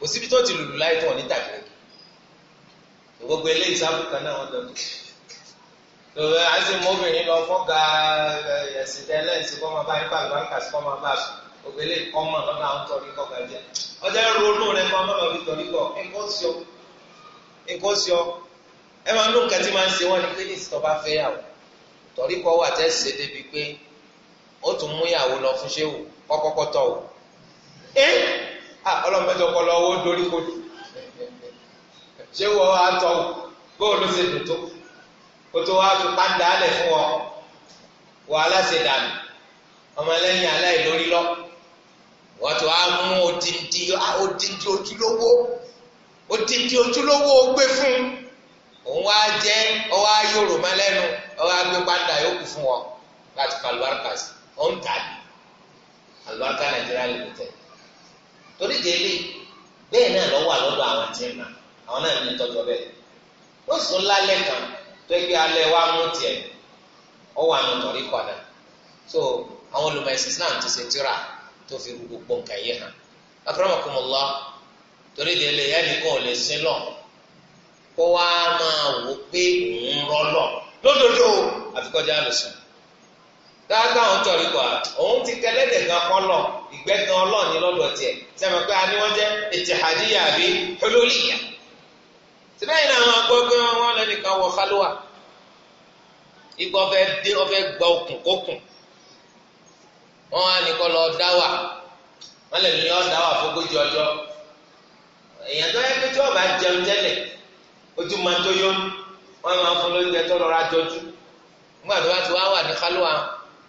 kò síbi tó ti lùlù láì tọ̀ ní tàkìrìkì gbogbo eléyìí sábà kan náà wọ́n dọ̀tí lọ́wọ́ àti mọ́bìnrin lọ fọ́gà ẹ̀sìn tẹ́lẹ̀sì kọ́ máa bá yín pàgbà ń kàsí kọ́ máa bá sùn gbogbo eléyìí kọ́ mọ̀ lọ́nà àwọn tọ́rí kọ́ ga jẹ́ ọjà ń ronú rẹ kọ́ máa fi tọ́rí kọ́ nǹkan sí ọ nǹkan sí ọ ẹ máa ń lóun kẹtí máa ń ṣe wọn ní pé ní ìsìtọ́ bá fẹ́ yàwó tọ́rí kọ́ wà tẹ́ ṣe débi pé ó tún mú yàwó lọ fún ṣéwù kọ́kọ́kọ́ wò. ẹ́ Ah, ọlọ́mọdé ọpọlọ owó dorí kodò ṣé wọ́n wá tọ́ góòlù ṣe dùn tó kó tó wá fi pàdé alẹ̀ fún ọ wàhálà ṣe dànù ọmọlẹ́yìn aláìlórí lọ wọ́n tó wá mú odindi ah, odindi ojúlówó odindi ojúlówó gbé fún òun wá jẹ́ ọwọ́ ayòrò mọ́lẹ́nu ọwọ́ agbé pàdé yòókù fún ọ láti pa àlùbáríkà sí ọ̀ǹtà àlùbáríkà nàìjíríà lè tẹ̀lé torí délé bẹ́ẹ̀ náà lọ́wọ́ àlọ́dọ̀ àwọn àti ìmà àwọn náà ní tọ́jú ọbẹ̀ ó sì ń lálẹ́ kan tó gbé alẹ́ wa mú tiẹ̀ ó wà nù tọ̀rí padà so àwọn olùmọ̀ ẹ̀sìn Islam ti ṣe tíra tó fi gbogbo nǹkan yìí hàn akramakumullah torí délé ẹnìkan ò lè sin lọ kó wá máa wò pé òun rọ́ lọ lódodo àfikọ́jà lòsùn dáadáa òun tọ̀rí kọ́ òun ti kẹlẹ́dẹ̀ gan kọ́lọ̀ ìgbẹ́ gan ọlọ́ọ̀ni lọ́dọ̀ tiẹ̀ sẹ́mi pé a ní wọ́n jẹ́ ìtìhàdíyà àbí hululiyya síbẹ̀ yìí làwọn agbọ́ pé wọ́n lọ nìkan wọ kálúwà ikú ọfẹ́ dé ọfẹ́ gba okùn kókùn wọ́n wá nìkan lọ dá wà wọ́n lè ní ọ́ dá wà fógójì ọjọ́ èèyàn tó yẹ pé tí wọ́n bá jẹun tẹ́lẹ̀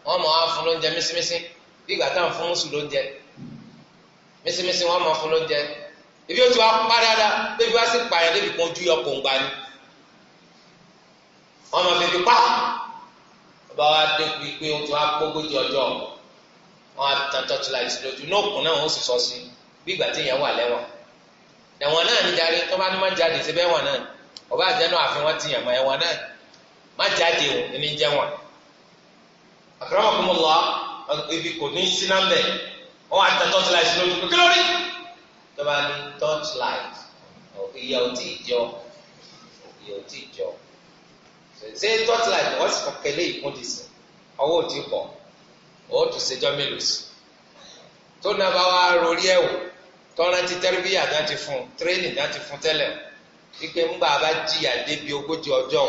wọ́n mọ̀ á fún lóúnjẹ mísímísí bí ìgbà táwọn fún mùsùlùmí lóúnjẹ mísímísí wọ́n mọ̀ fún lóúnjẹ ibi ó ti wá pa dáadáa débi wá sí pààyàn débi kan ojú ọkọ̀ ńgbà ni wọ́n mọ̀ fífi pa ọba wa dé pé ó ti wá gbógójì ọjọ́ wọn á tan torchlight lójú náà kùn náà wọ́n sì sọ sí bí ìgbà tí ìyẹn wà lẹ́wọ̀n ẹ̀wọ̀n náà ní jáde tó bá ní má jáde síbẹ̀ ẹ̀wọ̀n náà ọba àjẹnú àfihàn ti yàn mọ́ ẹ̀wọ̀n náà má jáde ò ní jẹ́wọ̀n àkàràmọ̀kùnmọ̀lá ibi kò ní sí náà mbẹ̀ wọ́n wá ta torch light lójú pé kílódé tọ́ba ní torch light ìyà ò tí ì jọ ìyà ò tí ì jọ ṣe torch light wọ́n sì kọ́ kẹlẹ́ ìkúndì sí ọwọ́ ò tí ì bọ̀ ó tún ṣèjọ́ mélòó sí tó náà bá wá rorí ẹ̀wò tọ́lá ti tẹ́rìbíyà dá ti fún tírénì dá ti fún tẹ́lẹ̀ wípé ńgbà bá jìyà débi ogójì ọjọ́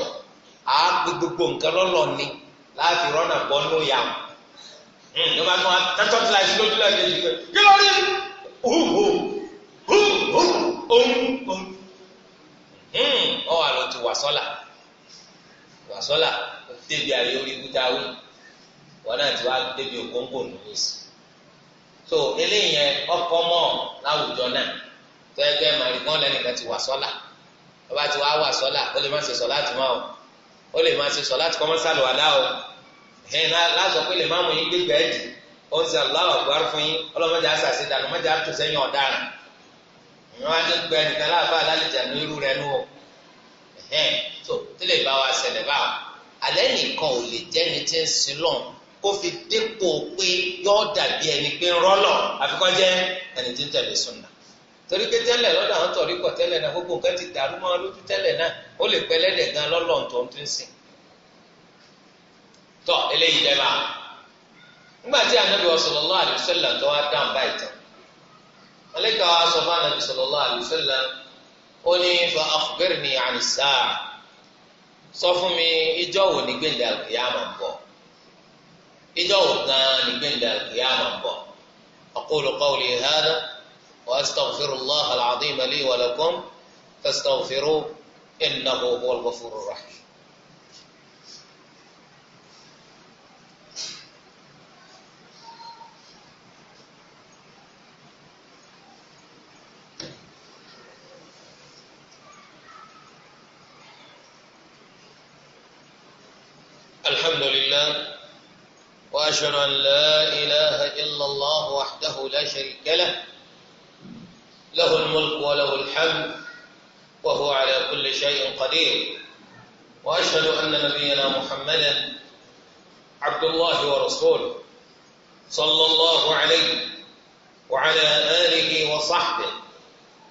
à á gbogbo nǹkan lọ́lọ́ ni láti rọ́nà bọ́ ní òyà wọn ní wọn máa tẹ́tọ́ ti láti lójú lẹ́yìn ẹ̀jẹ̀ pé kí ló rí húhù húhù ohun ohun ọ wà lọ ti wà sọ́là wà sọ́là débi àyè orí kúta wí wọn náà ti wá débi òkóńkò nìyí so eléyìí ọkọ mọ láwùjọ náà tẹ́gbẹ́ màrìgán lẹ́nìkan ti wà sọ́là ọba ti wá wà sọ́là ó lè má ṣe sọ láti má o ó lè má ṣe sọ láti kọ́ mọ́ sálùwàlá o. ẹ̀hìn lásọ pé lè máàmù yín gbégbé ẹ̀dì ó ń sẹ aláwọ̀ àgbára fún yín ọlọ́mọdé àṣàṣe dànù mọ́jà tó sẹ́yìn ọ̀daràn ìran adé gbẹ nìkan láàbá irú rẹ nù ọ tó bá wa nìkan ò lè tí ń kó fi dépò pé dàbí ẹni pé ń ẹni tí ń torí pé àwọn ti dàrú náà ó lè tọ́ eléyìí jẹ́ bá nígbà tí anabi wa sallallahu alayhi wa sallam tó wá dáhùn báyìí tán malika wa sọ fún anabi sallallahu alayhi wa sallam ó ní fa akhbirni an as-sa'a sọ fún mi ìjọ wo ni gbẹ̀ndẹ̀ al-qiyamah ń bọ̀ ìjọ wo gan ni gbẹ̀ndẹ̀ al-qiyamah ń bọ̀ aqulu qawli hadha wa astaghfirullaha al-azima li wa lakum fastaghfiruhu innahu huwal ghafurur rahim. أشهد أن لا إله إلا الله وحده لا شريك له له الملك وله الحمد وهو على كل شيء قدير وأشهد أن نبينا محمدا عبد الله ورسوله صلى الله عليه وعلى آله وصحبه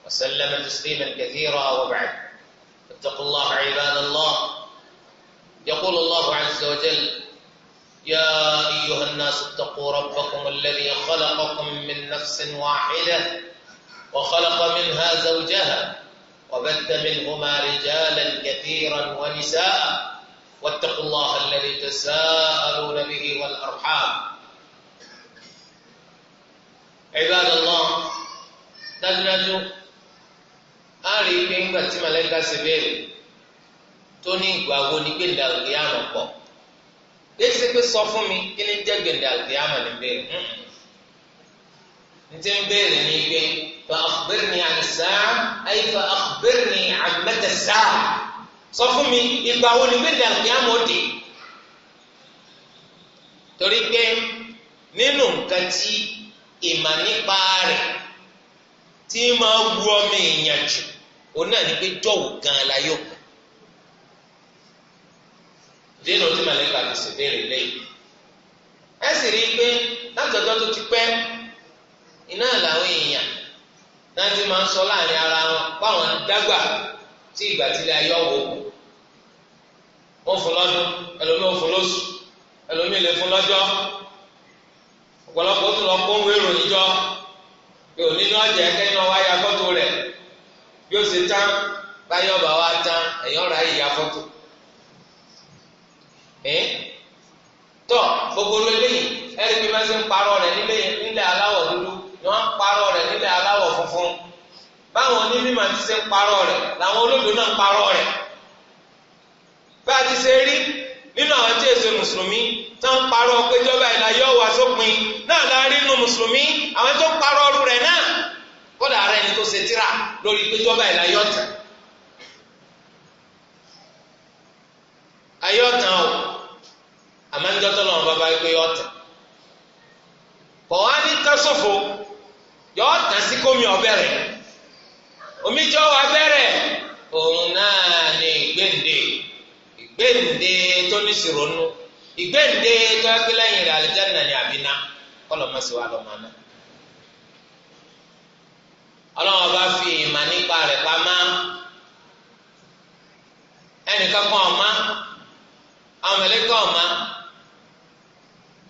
وسلم تسليما كثيرا وبعد اتقوا الله عباد الله يقول الله عز وجل يا أيها الناس اتقوا ربكم الذي خلقكم من نفس واحدة وخلق منها زوجها وبث منهما رجالا كثيرا ونساء واتقوا الله الذي تساءلون به والأرحام عباد الله dájúdájú آلي بين i pé سبيل توني màlẹ́ka ṣe béèrè èyí ṣe pé sọ fún mi kí ni jẹ́ gbèndé àlùkìyàmọ̀ ní bẹ́ẹ̀ n ti ń béèrè ní gbé fa akhbirni an saa ayi fa akhbirni an mata saa sọ fún mi ìgbà wo ni gbèndé àlùkìyàmọ̀ dé torí pé nínú nǹkan tí ìmà nípa rẹ̀ tí máa wú ọmọ èèyàn jù òun náà ní pé jọ̀wọ́ gan la yóò. dínú n'otu màlẹ́kà ti dị lẹ́yìn. ẹ sì rí i pé látọjọ́ tó ti pẹ́ iná làwọn èèyàn náà ti máa ara wọn báwọn dágbà tí ìgbà tílé ayé ọ̀wọ́ kù. wọ́n fún lọ́dún ẹlòmíì ò ẹ tọ gbogbo eléyìí ẹni pé bẹ́ẹ̀ ṣe ń nílé dúdú ni ń funfun báwọn onímọ̀ si ṣe ń parọ́ rẹ̀ làwọn olódò náà ń parọ́ a ti ṣe rí nínú àwọn tí èso mùsùlùmí tó ń parọ́ péjọba ìlà yóò wá sópin náà la rí nínú mùsùlùmí àwọn tó ń náà kódà ara ẹni tó ṣe tíra lórí péjọba àmọ́ ń dọ́tọ́ lọ́wọ́ bàbá yìí pé ọ̀tẹ̀ kọ̀ wá ní kásòfò yọ ọ̀tẹ̀ sí kómi ọ̀bẹ̀rẹ̀ omi jọ wà bẹ̀rẹ̀ òun náà ní ìgbéǹde ìgbéǹde tó ní sìrònú ìgbéǹde tó ẹgbẹ́ lẹ́yìn rẹ̀ àlìjáná ní àbíná kọ́lọ̀ má sì bá fi ìmà nípa rẹ̀ pamá ẹnìkan kan ọ̀ma àwọn mẹlẹ́kọ̀ ọ̀ma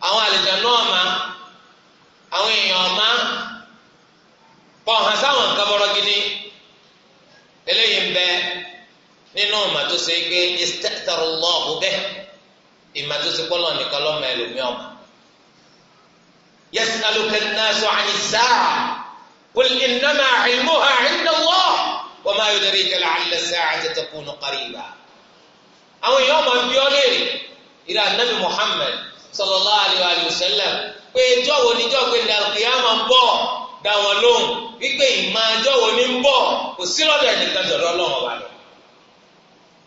àwọn àlejò náà ma àwọn èèyàn ma pọ̀ hàn sáwọn nǹkan bọ́rọ̀ gidi eléyìí ń bẹ nínú ọ̀mà tó ṣe pé istẹ́tẹ̀rù lọ́ọ̀hún bẹ́ẹ̀ ìmà pọ́lọ̀ nìkan lọ́mọ ẹlòmíọ̀ ọ̀mà. يسألك الناس عن الساعة قل إنما علمها عند الله وما يدريك لعل الساعة تكون قريبا أو يوم بيولي إلى النبي محمد sallallahu alaihi wasallam pé jọ́wọ́ níjọ́ pé al-qiyamah ń bọ̀ dá wọn lóhùn wípé ìmọ̀ jọ́wọ́ ní ń bọ̀ kò sí lọ́dọ̀ ẹnìkan jọ̀dọ̀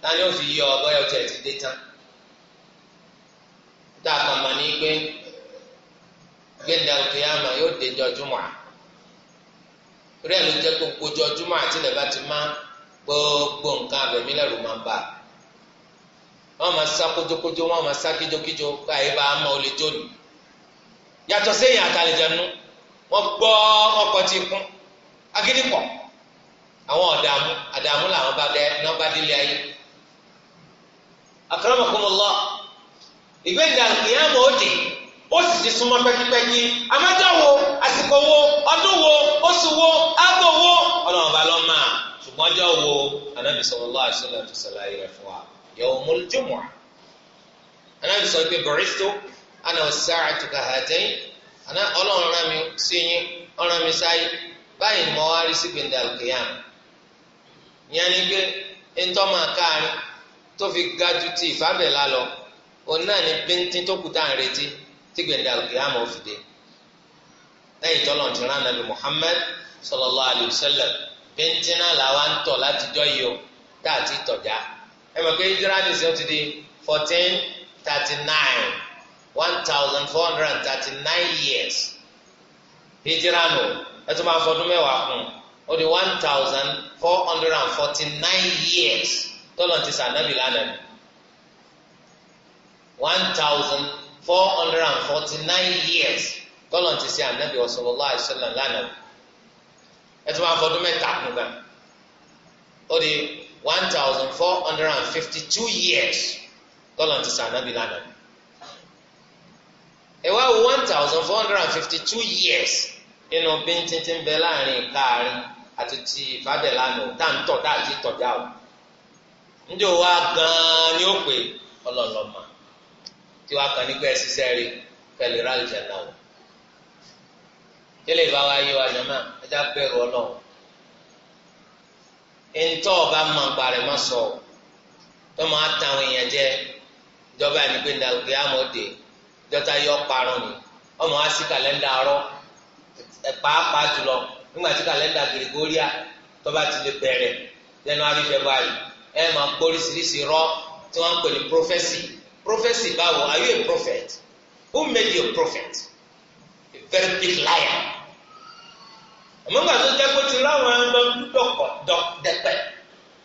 ta ni ó fi yọ ọgbọ ọjọ́ ẹ̀ ti dé tán. tá a kàn mọ̀ ní pé yóò dé gbogbo nǹkan wọ́n máa sá kójókójó wọ́n máa sá kíjókíjó káyé bá a mọ olè jóni yàtọ̀ sẹ́yìn àtàlẹjẹnu wọ́n gbọ́ ọkọ tí kún agídí pọ àwọn ọ̀dààmú àdààmú làwọn bá dé náà bá délé ayé akramakumullah ìgbéǹde àlùkìyàmọ òde ó sì ti súnmọ́ pẹ́kípẹ́kí amájọ wo àsìkò wo ọdún wo oṣù wo aago wo Ọlọ́run ọba lọ máa ṣùgbọ́n ọjọ́ wo Ànábì sallallahu alaihi wasallam àti sọlá yìí rẹ fún wa yawmul jumu'ah anábì sọ pé baristo ana as-sa'atu kahatayn ana ọlọ́run rán mi sí yín ọ̀ràn mi sáyé báyìí mọ́ wá rí sí gbẹ̀ndà òkè yàn ìyẹn ni pé ntọ́ máa káàárín tó fi ga ju ti ìfábẹ̀lá lọ òun náà ni bíntín tó kù tá à ń retí tí gbẹ̀ndà òkè yàn ò fi dé lẹ́yìn tọ́lọ̀ tí rán nàbì Muhammad sallallahu alayhi wa sallam bíntín náà làwa ń tọ̀ látijọ́ yìí o tá à ti tọ̀já. Ja ẹ mọ̀ pé ìjírá ní ìsìn ó ti di fourteen thirty nine one thousand four hundred and thirty nine years ìjírá nù ẹ tún máa fọdún mẹ́wàá kún ó di one thousand four hundred and forty nine years tọ́lọ̀ ti sànábì lánàá ni one thousand four hundred and forty nine years tọ́lọ̀ ti sẹ ànábì sallallahu alaihi wasallam lánàá ẹ tún máa fọdún mẹ́ta kún gan ó di. 1,452 years tọ́lọ̀ ti sànábì lánàá ẹ wá wo 1,452 years nínú bíntín tí ń bẹ láàrin káàrin àti ti ìfábẹ̀ lánàá tá ń tọ̀ tá àti tọ̀já o njẹ́ wa gan-an ni ó pè ọlọ́lọ́mọ tí wàá kàn nígbà ẹ̀ ṣiṣẹ́ rí kẹlẹ́rẹ́ àlùjá náà o tẹ́lẹ̀ ìbáwá yé wa jẹ́ náà ẹ já bẹ̀rù ọlọ́run. ẹnitọ́ ọba máa ń parẹ́ má sọ tọ́mọ èèyàn jẹ́ ìjọba yọ parun ni ọmọ wa sí kàlẹ́ndà pàápàá jùlọ nígbà tí kàlẹ́ndà tọ́ba ti lè bẹ̀rẹ̀ January February ẹ máa gbóríṣiríṣi tí wọ́n ń pè ní prophesy àmọ́ nígbà tó jẹ́ pé ti ráwọn ẹgbẹ́ dọ̀kọ̀ dẹ̀pẹ̀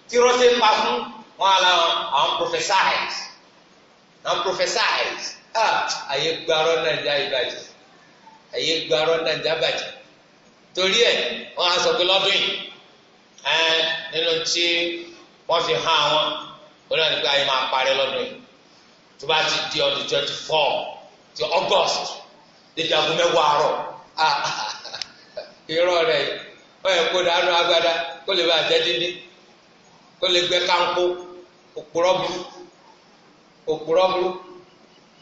tí rọ́ṣẹ́ pa fún wọn làwọn àwọn prophesize àwọn prophesize àyè gbarọ́ nàìjà ìbàjẹ́ àyè gbarọ́ nàìjà bàjẹ́ torí ẹ̀ wọ́n á sọ pé lọ́dún yìí ẹ̀ nínú tí wọ́n fi hàn àwọn onígbà yìí máa parí lọ́dún yìí tó bá ti di ọdún twenty four ti August dídí aago mẹ́wàá àárọ̀ ah ah, ah. irọ́ rẹ̀ ó yẹ kó dànù agbada kó lè bá jẹ́ kó lè gbẹ kánkó òpùrọ́ burú òpùrọ́ burú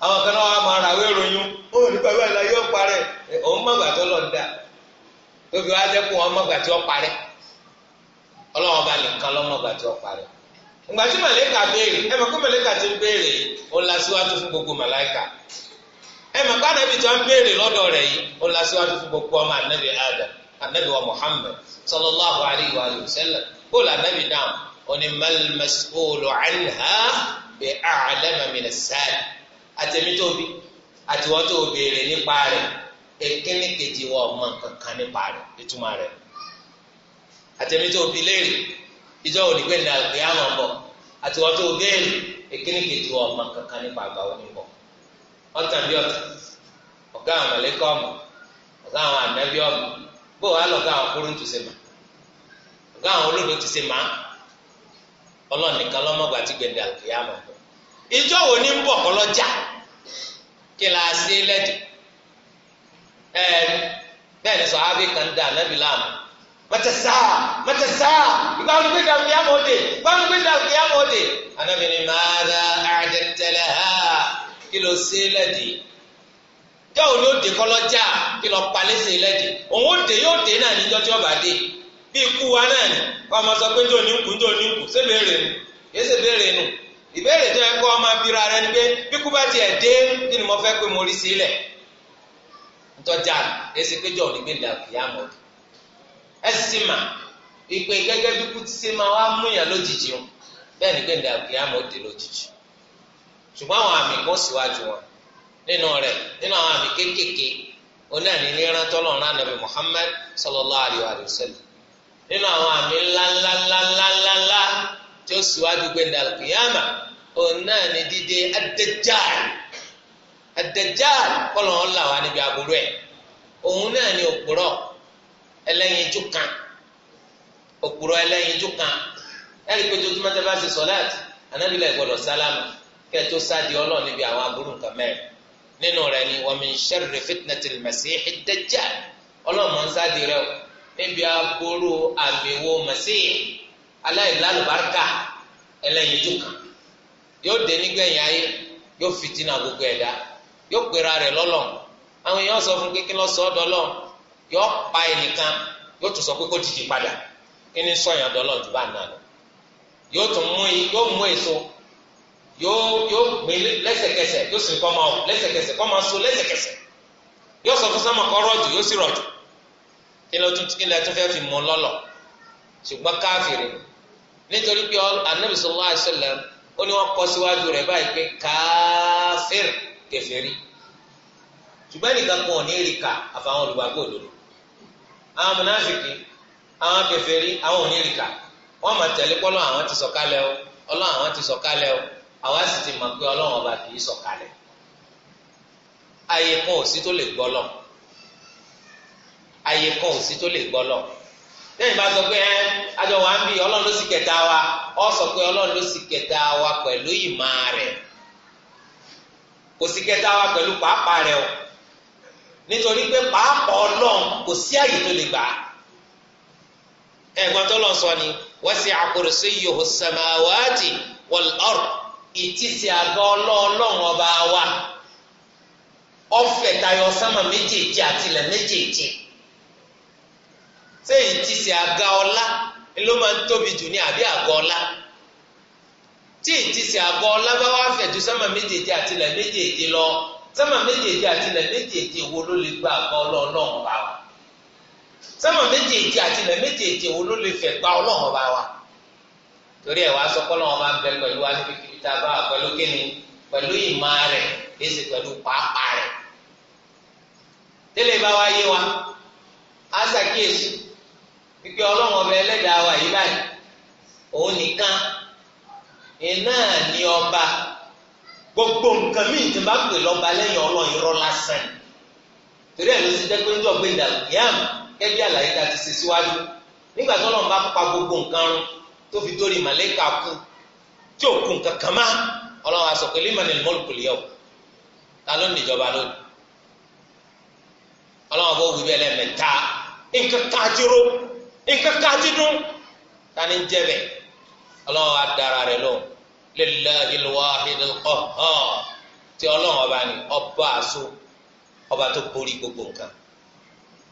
àwọn kan náà wà máa ra wéèrò ó ní bàbá ìlà yóò parẹ́ òun mọ̀gbà tó lọ da tóbi wá jẹ́ kó wọn mọ̀gbà tí ó parẹ́ ọlọ́wọ́n bá lọ́mọ̀gbà tí ó parẹ́ ìgbà tí màlẹ́kà béèrè màlẹ́kà ti ń béèrè ó fún gbogbo màlẹ́kà E mọ̀ ká anabi tó ń béèrè lọ́dọ̀ rẹ̀ yìí ó lọ síwájú fún gbogbo ọmọ anabi adam anabi wa muhammed sallallahu alayhi wa sallam ó lọ anabi náà oní malmasolo anha bẹ alama mina sáyà àtẹmí tó béèrè nípa kejì ọmọ kankan nípa àtẹmí léèrè ìjọ tó béèrè kejì ọmọ kankan nípa àgbà ọ̀tàn bí ọ̀tàn ọ̀gá àwọn mọ̀lẹ́kọ̀ ọ̀mọ̀ ọ̀gá àwọn ànábì ọ̀mọ̀ bó wàá lọ̀gá àwọn kúrú tó ṣe mà àwọn olódò tó ṣe mà ọlọ́ọ̀nì kan tí gbẹ̀dẹ̀ àlùkìyà mọ̀ ìjọ wo ni ń bọ̀ bẹ́ẹ̀ ni kan dá ha. kí ló ṣe lẹ́dìí jẹ́ òun kọlọ dé kọ́lọ́jà kí lọ palẹ́ ṣe lẹ́dìí òun ó dé yóò dé náà níjọ́ tí ọba dé bí ikú wa náà ni sọ pé ní nkù ní nkù ṣé béèrè yé ṣe béèrè ìbéèrè tó yẹ kó ọmọ abira rẹ ni pé bí kú bá tiẹ̀ dé kí ni mo fẹ́ pé mo rí ntọ́jà mà ìpè ṣùgbọ́n àwọn àmì kò síwájú wọn nínú rẹ̀ nínú àwọn àmì kéékèèké onáàní ní rántọ́ lọ́run rán nàbì Muhammad sallallahu alayhi wa sallam nínú àwọn àmì ńláńláńláńláńlá tí ó síwájú pé dàlùkìyàmà onáàní dídé ad-Dajjal ad-Dajjal kọ́lọ̀ ń là wá níbi àbúrò ẹ̀ òun náà ni òpùrọ̀ ẹlẹ́yinjú kan òpùrọ̀ ẹlẹ́yinjú kan ẹ̀rí pé tuntun mẹ́tẹ́ bá ṣe sọ́láàtì anábìlẹ̀ gbọ́dọ̀ sálámà. kẹ́ẹ̀tó sáàdì ọlọ́ọ̀ níbi àwọn aburú nǹkan mẹ́rin nínú rẹ̀ ni wa min sharri fitinati masihi dajjal ọlọ́ọ̀mọ̀ ń sáàdì rẹ̀ o níbi aburú àmìwò masihi aláìlálùbáríkà ẹlẹ́yin dùkà yóò dé nígbẹ̀yìn ayé yóò fìtínà gbogbo ẹ̀dá yóò pera rẹ̀ lọ́lọ́ àwọn èèyàn sọ fún kékeré lọ́sọ̀ ọ́ dọ́lọ́ yóò pa ẹnìkan yóò tún sọ pé kó dìde padà kí ni sọ̀yàn dọ́lọ́ jù bá nà yóò tún mú yóò mú èso yóò yóò gbé lẹ́sẹ̀kẹsẹ̀ yóò sì kọ́ máa wò lẹ́sẹ̀kẹsẹ̀ kọ́ máa so lẹ́sẹ̀kẹsẹ̀ yóò sọ fún sọ́mọ kọ́ rọ̀jù yóò sì rọ̀jù kí ló tún kí lẹ́ tún fẹ́ fi mú lọ́lọ̀ ṣùgbọ́n káfìrì nítorí pé anabi sallallahu alaihi wasallam ó ní wọ́n kọ́ síwájú rẹ̀ báyìí pé káfìrì kèfèrí ṣùgbọ́n nìkan kan ò ní rí ka àfàwọn olùgbàgbọ́ òdodo àwọn mùnáfìkì àwọn kèfèrí àwọn ò ní rí ka wọ́n máa tẹ̀lé pọ́lọ́ àwọn ti sọ̀kalẹ̀ o ọlọ́ àwọn ti sọ̀kalẹ̀ o àwa sì ti mọ̀ pé ọlọ́run ọba kì í sọ̀kalẹ̀ ayé kan ò sí tó lè gbọ́ lọ ayé kan ò sí tó lè gbọ́ lọ lẹ́yìn bá sọ pé ẹ́ wa ń ọlọ́run ló kẹta wa ọ sọ pé ọlọ́run ló sì kẹta wa pẹ̀lú ìmọ̀ rẹ̀ kò sì kẹta wa pẹ̀lú pàápàá rẹ̀ o nítorí pé pàápàá ọlọ́run kò sí tó lè gbà ẹ̀gbọ́n tó lọ sọ ni ìtìsí àga ọlọ́ọ̀lọ́run ọba wa ọ̀fẹ́ tayọ sánmà méjèèjì àtìlẹ̀ méjèèjì ṣé ìtìsí àga ọlá ló máa ń tóbi jù ní àbí àga ọlá tí ìtìsí àga ọlá bá wà fẹ̀ ju sánmà méjèèjì àtìlẹ̀ méjèèjì lọ sánmà méjèèjì àtìlẹ̀ méjèèjì wo ló lè gba àga ọlọ́ọ̀lọ́run ọba wa sánmà méjèèjì àtìlẹ̀ méjèèjì wo ló lè fẹ̀ gba ọlọ́run ọba wa torí ẹ̀ wá sọ pé ọlọ́wọ́n máa ń bẹ pẹ̀lú wa níbi kíbi tá a bá wà pẹ̀lú kíni pẹ̀lú ìmọ̀ rẹ̀ èsì pẹ̀lú pàápàá rẹ̀ tẹ́lẹ̀ bá wá yé wa á ṣàkíyèsí pípẹ́ ọlọ́wọ́n ọbẹ̀ ẹlẹ́dàá wa yìí báyìí òun nìkan iná ni ọba gbogbo nǹkan míì tí bá pè lọ́ba lẹ́yìn ọlọ́run irọ́ lásán torí ẹ̀ ló ti jẹ́ pé ń dọ̀gbìn dàgbìyàm gẹ́gẹ́ bí àlàyé ta ti ṣe síwájú nígbà tó lọ́n bá pa gbogbo nǹkan rún tó fi dórí màlẹ́kà kú tí ò kú nǹkan kan má ọlọ́run aṣọ pé lẹ́mọ̀nì mọ́lùkùlì yẹ̀ o ta ló ń níjọba lónìí ọlọ́run fún wíwí ẹlẹ́mẹ̀ta nǹkan kájúró nǹkan kájúdún ta ni ń jẹ́ bẹ̀ ọlọ́run á dára rẹ̀ lóhùn lillahil wahidil qahhar tí ọlọ́run ọba ni ọba àṣọ ọba tó borí gbogbo nǹkan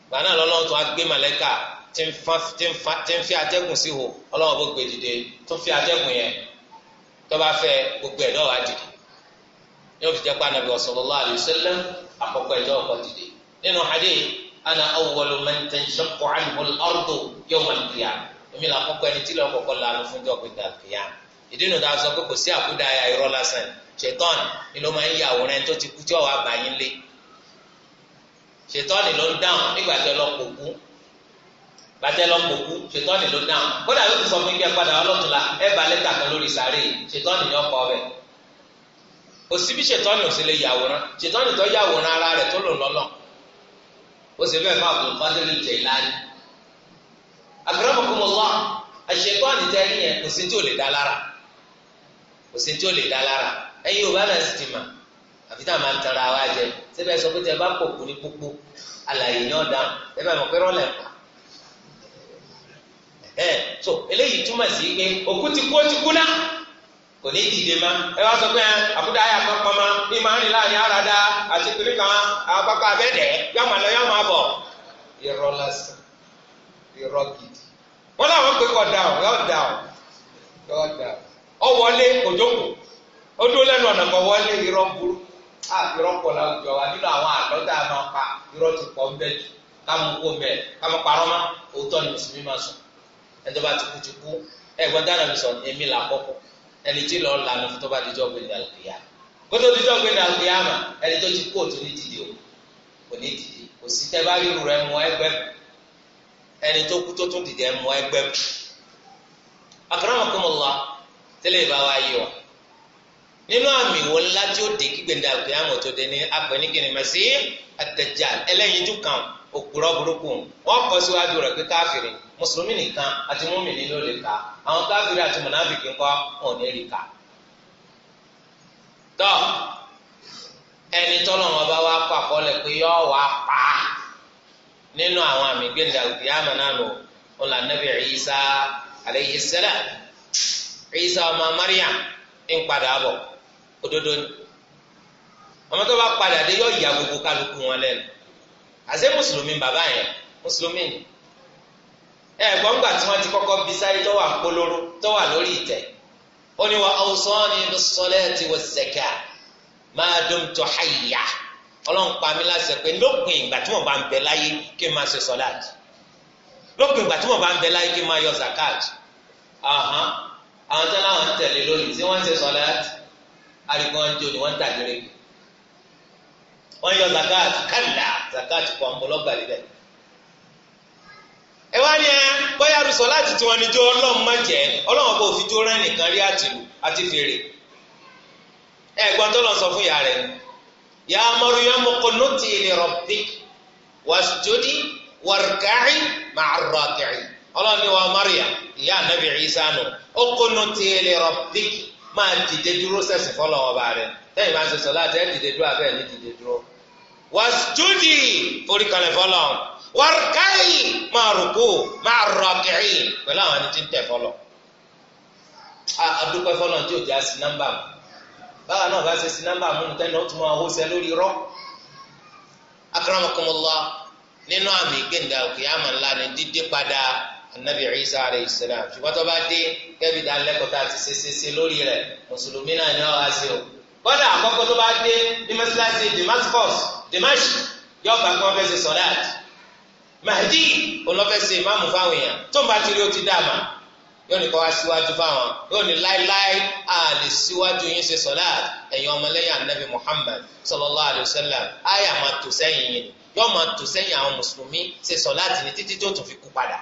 gbàná lọ́lọ́run tó á gbé màlẹ́kà tí ń fa tí ń fi atẹ́gùn sí ho ọlọ́wọ́n bó gbé dìde tó fi atẹ́gùn yẹn tó bá fẹ́ gbogbo ẹ̀ náà wá dìde yóò fi jẹ́ pé anabi sallallahu alayhi wa sallam àkọ́kọ́ ẹ̀jọ́ ọkọ̀ dìde nínú hadith ana awwalu man tanshaqqu anhu al-ardu yawm al-qiyamah èmi là kọ́kọ́ ẹni tí lọ́ kọ́kọ́ lanu fún jọ́ pé al-qiyamah ìdí nu dáa sọ pé gbàtẹ́ lọ kókú ṣètọ́nì ló dáhùn kódà yóò ti sọ fún ike padà ọlọ́tún la ẹ bá lẹ́tà kan lórí sàárè ṣètọ́nì yóò kọ́ ọbẹ̀ òsibí ṣètọ́nì ò sì lè yàwòrán ṣètọ́nì tó yàwòrán ara rẹ̀ tó lò lọ́lọ́ ó sì bẹ́ẹ̀ fún Abdul Qadir Jailani akramakumullah àṣetọ́nì tẹ́ ẹni yẹn kò sí tí ò lè dá lára kò sí tí ò lè dá lára ẹ̀yin ò bá lẹ̀ sí ẹ eh, so eléyìí túmọ̀ sí pé òkú kú kú kò ní dìde ma ẹ wá sọ pé ah, àbúdá ayà kan pamọ́ bí màá láàrin àti kan àpapọ̀ abẹ́dẹ̀ yóò máa lọ yóò máa bọ̀ irọ́ lásán irọ́ wọlé òjòkó ó dúró lẹ́nu wọlé irọ́ burú a irọ́ pọ̀ láwùjọ wa nínú àwọn àlọ́ tá a máa pa irọ́ ti pọ̀ ń bẹ́ẹ̀ kámo kó bẹ́ẹ̀ kámo parọ́ mọ́ òótọ́ ni mùsùlùmí máa sùn ẹni tó bá ti kú ti kú ẹ̀gbọ́n dáná mi sọ èmi là kọ́kọ́ ẹni tí lọ lànà fún tó bá dijọ́ gbé ní àlùkìyà kótó dijọ́ gbé ní àlùkìyà mà ẹni tó ti kú òtún ní dìde o kò ní dìde kò sí tẹ́ bá rí irú rẹ mọ ẹgbẹ́ ẹni tó kú tó tún dìde mọ ẹgbẹ́ akramakumullah tẹ́lẹ̀ ìbá wa yé wa nínú àmì wo ńlá tí ó dé kígbèǹda àlùkìyà mọ̀ tó dé ní abẹ́nigínní mẹ́sì àdẹ̀jà ẹlẹ́yinjú kan òkúrọ̀ burúkú wọn kọ síwájú rẹ̀ pé káfírin mùsùlùmí nìkan àti mùmìnì ló lè ka àwọn káfíìrì àti mùnàfíìkì ńkọ́ wọn ò ní rí kà. tọ́ ẹni tọ́lọ̀ wọn bá wá pa àkọọ́lẹ̀ pé yọ wá pa nínú àwọn àmì gbẹ̀ndà òkè àmà náà lò wọn là Nabi ọmọ Maryam ń padà bọ̀ òdodo ni ọmọ tó bá padà dé yọ ìyá gbogbo kálukú wọn lẹ́nu mùsùlùmí bàbá yẹn mùsùlùmí ẹ̀gbọ́n gbà tí wọ́n ti kọ́kọ́ bí sáyé tó wà polóró tó wà lórí ìtẹ́ ó ní wa awsani bis-salati waz-zaka ma dumtu hayya ọlọ́run pa mí láṣẹ pé lópin ìgbà tí mo bá ń bẹ láyé kí n máa ṣe sọláàtì lópin ìgbà tí mo bá ń bẹ láyé kí n máa yọ zakati àwọn tí wọ́n ń tẹ̀lé lónìí tí wọ́n ń ṣe sọláàtì àríkọ́ ń jó ni wọ́n ń tàgéré wọ́n yọ zakati kálá zakati pọ̀ ń bọ́ lọ́gbàlíbẹ̀ ẹ wá ní ẹ bóyá rúṣọ láti tí wọn ni jó ọlọ́run má jẹ́ ọlọ́run kò fi jó rán nìkan rí àtìlù àti fèrè ẹ̀gbọ́n tó lọ sọ fún ìyá rẹ̀ ya Maryamu qunuti li rabbik wasjudi warka'i ma'a raki'in ọlọ́run ni wa Maryam ìyá anabi Isa nù ó qunuti li rabbik máa dìde dúró sẹ́sìn fọlọ́wọ́ bá rẹ̀ lẹ́yìn máa ṣe sọ láti ẹ̀ dìde dúró abẹ́ẹ̀ ní dìde dúró wasjudi forí kalẹ̀ fọlọ́run wàrúkàì máa rúkú máa rọkìrì pẹ̀lú àwọn ẹni tí ń tẹ̀ fọlọ̀ adúpẹ́ fọlọ̀ tí ò já sí nọ́mbà mu báwa náà bá ṣe sí nọ́mbà mu nìkan náà ó tún máa hó sẹ́ lórí rọ́ akramakumullah nínú àmì gbẹ̀ndà òkèèyàmà ńlá ni dídé padà anabi isa alayhi salam ṣùgbọ́n tó bá dé kẹ́bi dánilẹ́kọ̀ọ́ tá a ti ṣeṣeṣe lórí rẹ̀ mùsùlùmí náà ni ọ̀ àṣẹ o kọ́dà àkọ́kọ́ tó bá dé ní mọ́sálásí Dimash yóò bá kí fẹ́ ṣe sọ́láàtì Mahdi olọ́fẹ́sẹ̀ ìmáàmù fáwọn èèyàn tó ń bá ti rí ó ti dààmú yóò ní kọ́ wá síwájú fáwọn yóò ní láíláí a lè síwájú yín ṣe sọ̀lá ẹ̀yin ọmọlẹ́yìn anabi Muhammad sallallahu alayhi wa sallam ayé àmà tò sẹ́yìn yìí yóò máa tò sẹ́yìn àwọn mùsùlùmí ṣe sọ̀lá tì ní títí tó tún fi kú padà.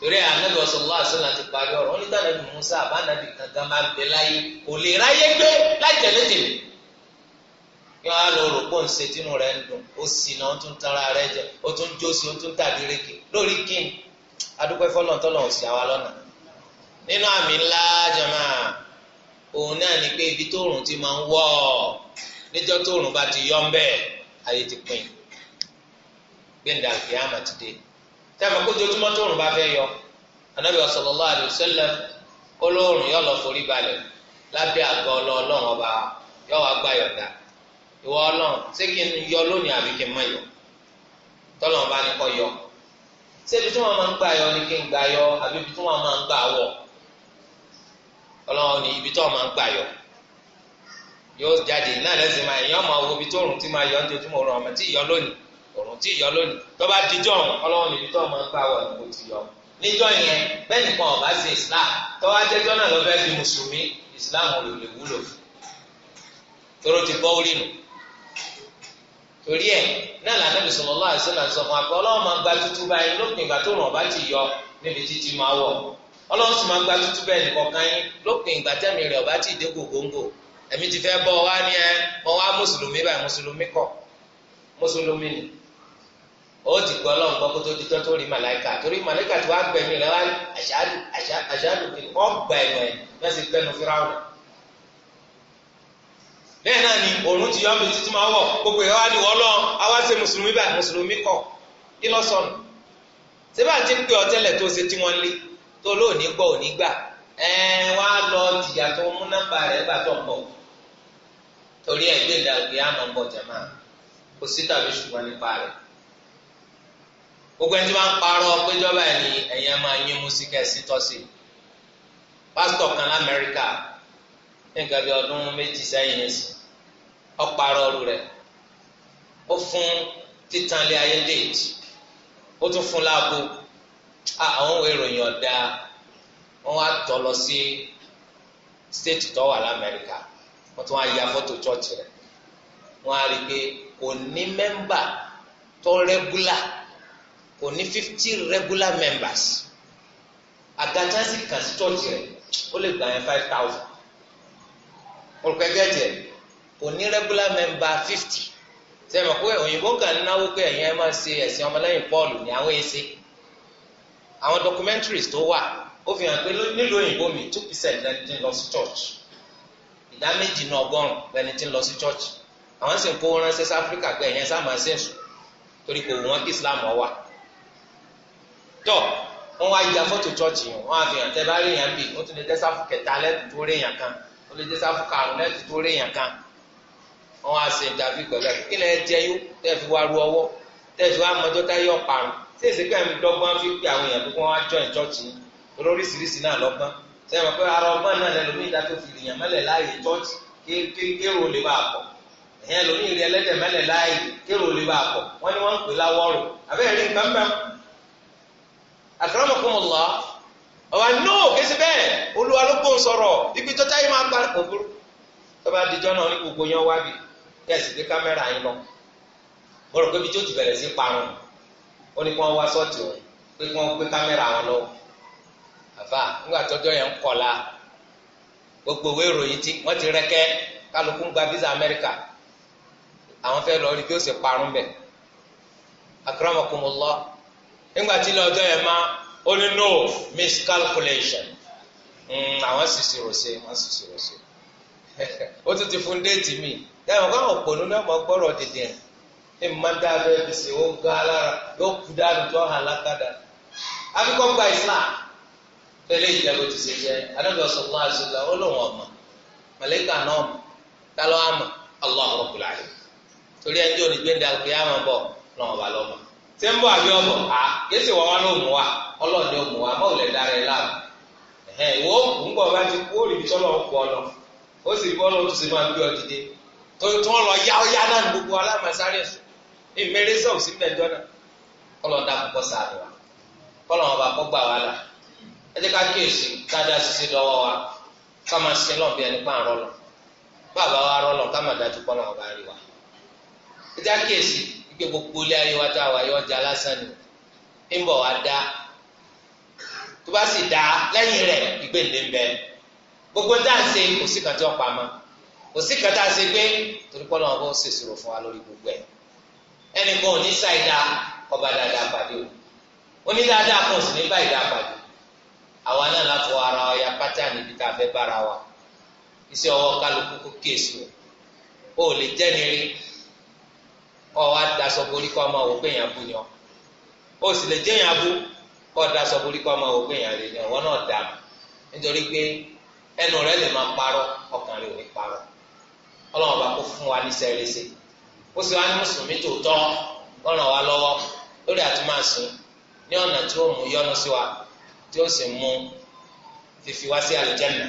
torí anabi sallallahu alayhi ti parí ọ̀rọ̀ onídàánabi Musa àbánabi kankan máa gbé láyé kò lè ráyé gbé láì tẹ̀lé tèmi. yóò á lọ rò pọ̀ ń ṣe tínú rẹ̀ ń dùn ó sì náà ó tún tara rẹ̀ jẹ ó tún jó sí ó tún tàbí rékè lórí kíni adúpẹ́ fọlọ́n tọ́lọ̀ ò lọ́nà nínú àmì ńlá jama òun náà ni pé ibi tóòrùn ti máa ń wọ̀ níjọ́ yọ ayé ti pin gbẹ̀ndà kìámà ti dé bá fẹ́ yọ ìwọ ọlọ́run ṣé kí n yọ lónìí àbí kí n má yọ tọ́lọ́run bá ní kọ́ yọ ṣé ibi tí wọ́n máa ń gbà yọ ni kí n gbà yọ àbí ibi tí wọ́n máa ń gbà wọ̀ ọlọ́run ni ibi tí wọ́n máa ń gbà yọ yóò jáde náà lẹ́sìn máa èèyàn máa wo ibi tí òòrùn ti máa yọ ojoojúmọ́ òòrùn ọmọ tí ì yọ lónìí òòrùn tí ì yọ lónìí tó bá dijọ́ ọlọ́run níbi tó máa ń gbà wọ̀ níbo ti yọ. níjọ́ yẹn bẹ́ẹ̀ nìkan ọ̀bá sí islam tọ́wọ́ ajẹ́jọ́ náà lọ fẹ́ fi mùsùlùmí islam ò lè wúlò fún. tóró ti bọ́ orí nù torí ẹ̀ náà lànà Nabi sallallahu na wasallam sọ akọ ọlọ́run máa gba tútú báyìí lópin ìgbà tó ràn ọba ti yọ níbi títí máa sì máa gba tútú bẹ́ẹ̀ nìkọ̀kan yín lópin ìgbà tẹ́mi rẹ̀ ọba ti dé gògóńgò ẹ̀mí ti fẹ́ bọ́ wá ní ẹ mọ wá mùsùlùmí báyìí mùsùlùmí kọ̀ mùsùlùmí ni ó ti gbọ́ ọlọ́run gbọ́ tó rí bẹ́ẹ̀ náà ni òòrùn ti yọ ọ́n bìtítí máa wọ̀ gbogbo ẹ̀ wá ní wọ́lọ́ àwa ṣe mùsùlùmí bá mùsùlùmí kọ̀ kí lọ sọnù sẹ́bà ti ń pè ọ́ tẹ́lẹ̀ tó ṣe tí wọ́n lé tó lóòní gbọ́ òní gbà lọ jìyà tó mú nọ́mbà rẹ̀ gbà tó ń bọ̀ torí ẹ̀ gbé ìdàgbé àmọ́ bọ̀ jẹ̀má kò sí tàbí ṣùgbọ́n nípa rẹ̀ gbogbo ẹni tí wọ́n parọ́ péjọba ẹ̀ ọ̀parọ̀ ọ̀rù rẹ̀ ó fún títanlé ayé déètì ó tún fún láago àwọn òwe ìròyìn ọ̀dà wọ́n wá tọ́ lọ sí stéètì tó wà lamẹ́ríkà wọ́n tún wá ya fọ́tò chọ́ọ̀chì rẹ̀ wọ́n á rí i pé kò ní mẹ́mbà tó rẹ́gúlà kò ní fifty regular members àgàtà sì kà sí chọ́ọ̀chì rẹ̀ ó lè gbà yẹn five thousand olùkọ́ ẹgbẹ́ tiẹ̀ kò ní regular member fifty sẹ́mi pé òyìnbó kan náwó pé ẹ̀yin ẹ̀ máa ṣe ẹ̀sìn ọmọlẹ́yìn Paul ní àwọn èsè àwọn documentaries tó wà ó fi hàn pé nílùú òyìnbó mi two percent lẹni tí ń lọ sí church ìdá méjì ní ọgọ́rùn lẹni tí ń lọ sí church àwọn sì ń kó ránṣẹ́ sí Áfíríkà pé ẹ̀yin ẹ̀ sá máa ṣe ń sùn torí kò wù wọ́n kí Islam wà tọ́ wọ́n wá ya fọ́tò chọ́ọ̀chì yẹn wọ́n á fi hàn tẹ́ bá rí èèyàn bì ó tún lè jẹ́ sáfù kẹta lẹ́tù tó rí èèyàn kan ó lè jẹ́ karùn lẹ́tù tó rí èèyàn kan wọn á ṣe ìdàbí pẹ̀lú ẹ̀ kí lẹ jẹ yó tẹ́ fi wá ru ọwọ́ tẹ́ fi wá mọ́tò táyé ọ̀parun tí èsì pé ẹ̀mí dọ́gbọ́n fi pé àwọn èèyàn tó wọ́n á jọ ìjọ́ọ̀tì lóríṣiríṣi náà lọ́gbọ́n sẹ́yìn pé ara ọgbọ́n náà lẹ́nu mi ìdájọ́ fi lèèyàn mẹ́lẹ̀ láàyè ìjọ́ọ̀tì kéèrò lè bá pọ̀ ẹ̀yìn lómi ìrìn ẹlẹ́dẹ̀ mẹ́lẹ̀ láàyè kéèrò lè bá pọ̀ wọ́n ní wọ́n ń pè láwọ́rò àbẹ́rẹ́ rí nǹkan bẹ́ẹ̀ akramakumullah ọba no kesi bẹ́ẹ̀ olúwa ló gbóhùn sọ̀rọ̀ ibi tọ́tà yìí máa ń pa òbúrú tọ́ba àdìjọ́ náà ní gbogbo yẹn wábìí kẹ́sì gbé kámẹ́rà yín lọ mo rò pé tí ó ti bẹ̀rẹ̀ sí parun ó ní kí o pé kí wọ́n gbé kámẹ́rà wọn lọ àbá nígbà tọ́jọ́ yẹn ń kọ̀ la gbogbo ìwé ìròyìn tí wọ́n ti rẹ́kẹ́ kálukú ń gba visa Amẹ́ríkà àwọn fẹ́ lọ rí bí ó sì parun bẹ̀ nígbà tí ilé ọjọ́ yẹn ó ní no miscalculation hmm, àwọn sì sì rò ṣe si sì sì rò ṣe tún dáhùn káwọn òpònú náà mọ gbọ́rọ̀ dìde rẹ̀ ẹ̀ má dá abẹ́ bìsì ó ga alára yóò kú dáàbò tó hàn lákàdá akíkọ́ gba Islam tẹ́lẹ̀ ìjẹ́bù ti ṣe jẹ́ sọ sọ̀tún àṣìlá ó lóun ọ̀mà màlẹ́kà náà mọ̀ tálọ́ àmà Allah torí ẹni ní bọ̀ lọ́wọ́ bá lọ́mọ ṣé ń bọ̀ àbí ọ̀bọ̀ à wá wa tó tí wọ́n lọ na nnukwu ala gbogbo aláàmásáré ẹ̀sùn ìmẹ̀rẹ́sẹ̀ ò sí mẹ́jọ náà kọ́lọ̀ sáré wa gbà wá dáadáa wa ẹni pa lọ bàbá wa lọ wa ike gbogbo ilé ayé wa tá a yọ ọjà lásán ni ń wá dá tó bá sì dá ìgbéǹde gbogbo dáhùn kò sí kò sí kẹta ṣe pé torí pọ́n náà bó ṣèṣirò fún wa lórí gbogbo ẹ̀ ẹnìkan ò ní sa ìdá ọba dáadáa pàdé o onídàádáa kan sì ní bá ìdá pàdé àwa náà láfọ ara ọya pátá níbi tá a fẹ́ bára wa iṣẹ́ ọwọ́ kálukú kó kéèsì o ò lè jẹ́ nírí ọ wá daṣọ borí kọ́ ọmọ òwò pé èèyàn bú yan o sì lè jẹ́ èèyàn bú kọ́ ọ daṣọ borí kọ́ ọmọ òwò pé èèyàn lè yan ọwọ́ náà dà nítorí pé ẹnu rẹ lè máa parọ́ ọkàn rẹ ò ní parọ́ ọlọ́run bá kó fún wa ní sẹ́rẹ́sẹ́ ó sì wá ní mùsùlùmí tòótọ́ ó ràn wá lọ́wọ́ lórí àtúmọ̀sùn ní ọ̀nà tí ó mú yọ́nú sí wa tí ó sì mú fífi wá sí àlùjánnà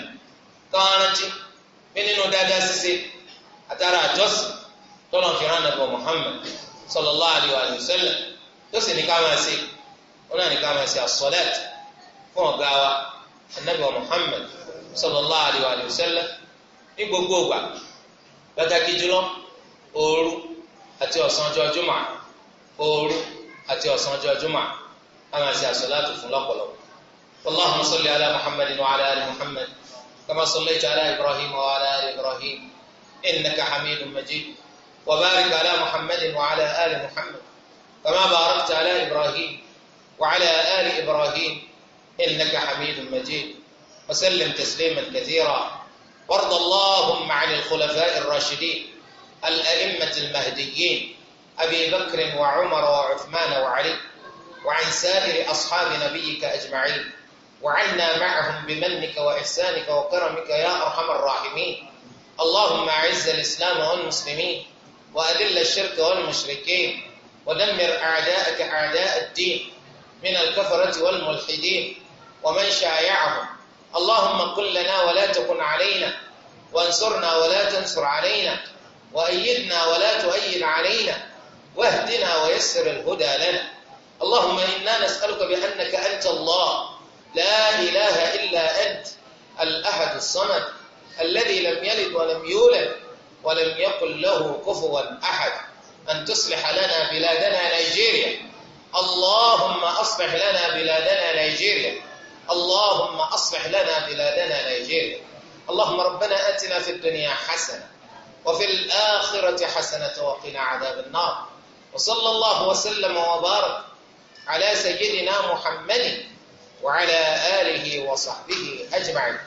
káwọn arántí bí nínú dáadáa ṣíṣe àtàrà àjọsìn tọ́lọ̀ fi rán nàbọ̀ Muhammad sallallahu alaihi wa sallam tó sì ní ká máa ṣe wọn náà ní ká máa ṣe àsọlẹ́t fún ọ̀gá wa anabi wa Muhammad sallallahu alaihi wa sallam ní gbogbo ìgbà pàtàkì jùlọ òru àti ọ̀sán ọjọ́ jùmọ̀ òru àti ọ̀sán ọjọ́ jùmọ̀ a máa ṣe àsọ̀láàtù fún lọ́pọ̀lọpọ̀ اللهم صل على محمد وعلى آل محمد كما صليت على إبراهيم وعلى آل إبراهيم إنك حميد مجيد وبارك على محمد وعلى آل محمد كما باركت على إبراهيم وعلى آل إبراهيم إنك حميد مجيد وسلم تسليما كثيرا وارض اللهم عن الخلفاء الراشدين الأئمة المهديين أبي بكر وعمر وعثمان وعلي وعن سائر أصحاب نبيك أجمعين وعنا معهم بمنك وإحسانك وكرمك يا أرحم الراحمين اللهم أعز الإسلام والمسلمين وأذل الشرك والمشركين ودمر أعداءك أعداء الدين من الكفرة والملحدين ومن شايعهم اللهم كن لنا ولا تكن علينا وانصرنا ولا تنصر علينا وأيدنا ولا تؤيد علينا واهدنا ويسر الهدى لنا اللهم إنا نسألك بأنك أنت الله لا إله إلا أنت الأحد الصمد الذي لم يلد ولم يولد ولم يقل له كفوا أحد أن تصلح لنا بلادنا نيجيريا اللهم أصلح لنا بلادنا نيجيريا اللهم أصلح لنا بلادنا نيجيريا اللهم ربنا آتنا في الدنيا حسنة وفي الآخرة حسنة وقنا عذاب النار وصلى الله وسلم وبارك على سيدنا محمد وعلى آله وصحبه أجمعين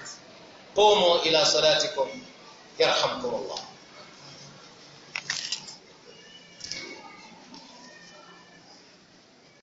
قوموا إلى صلاتكم يرحمكم الله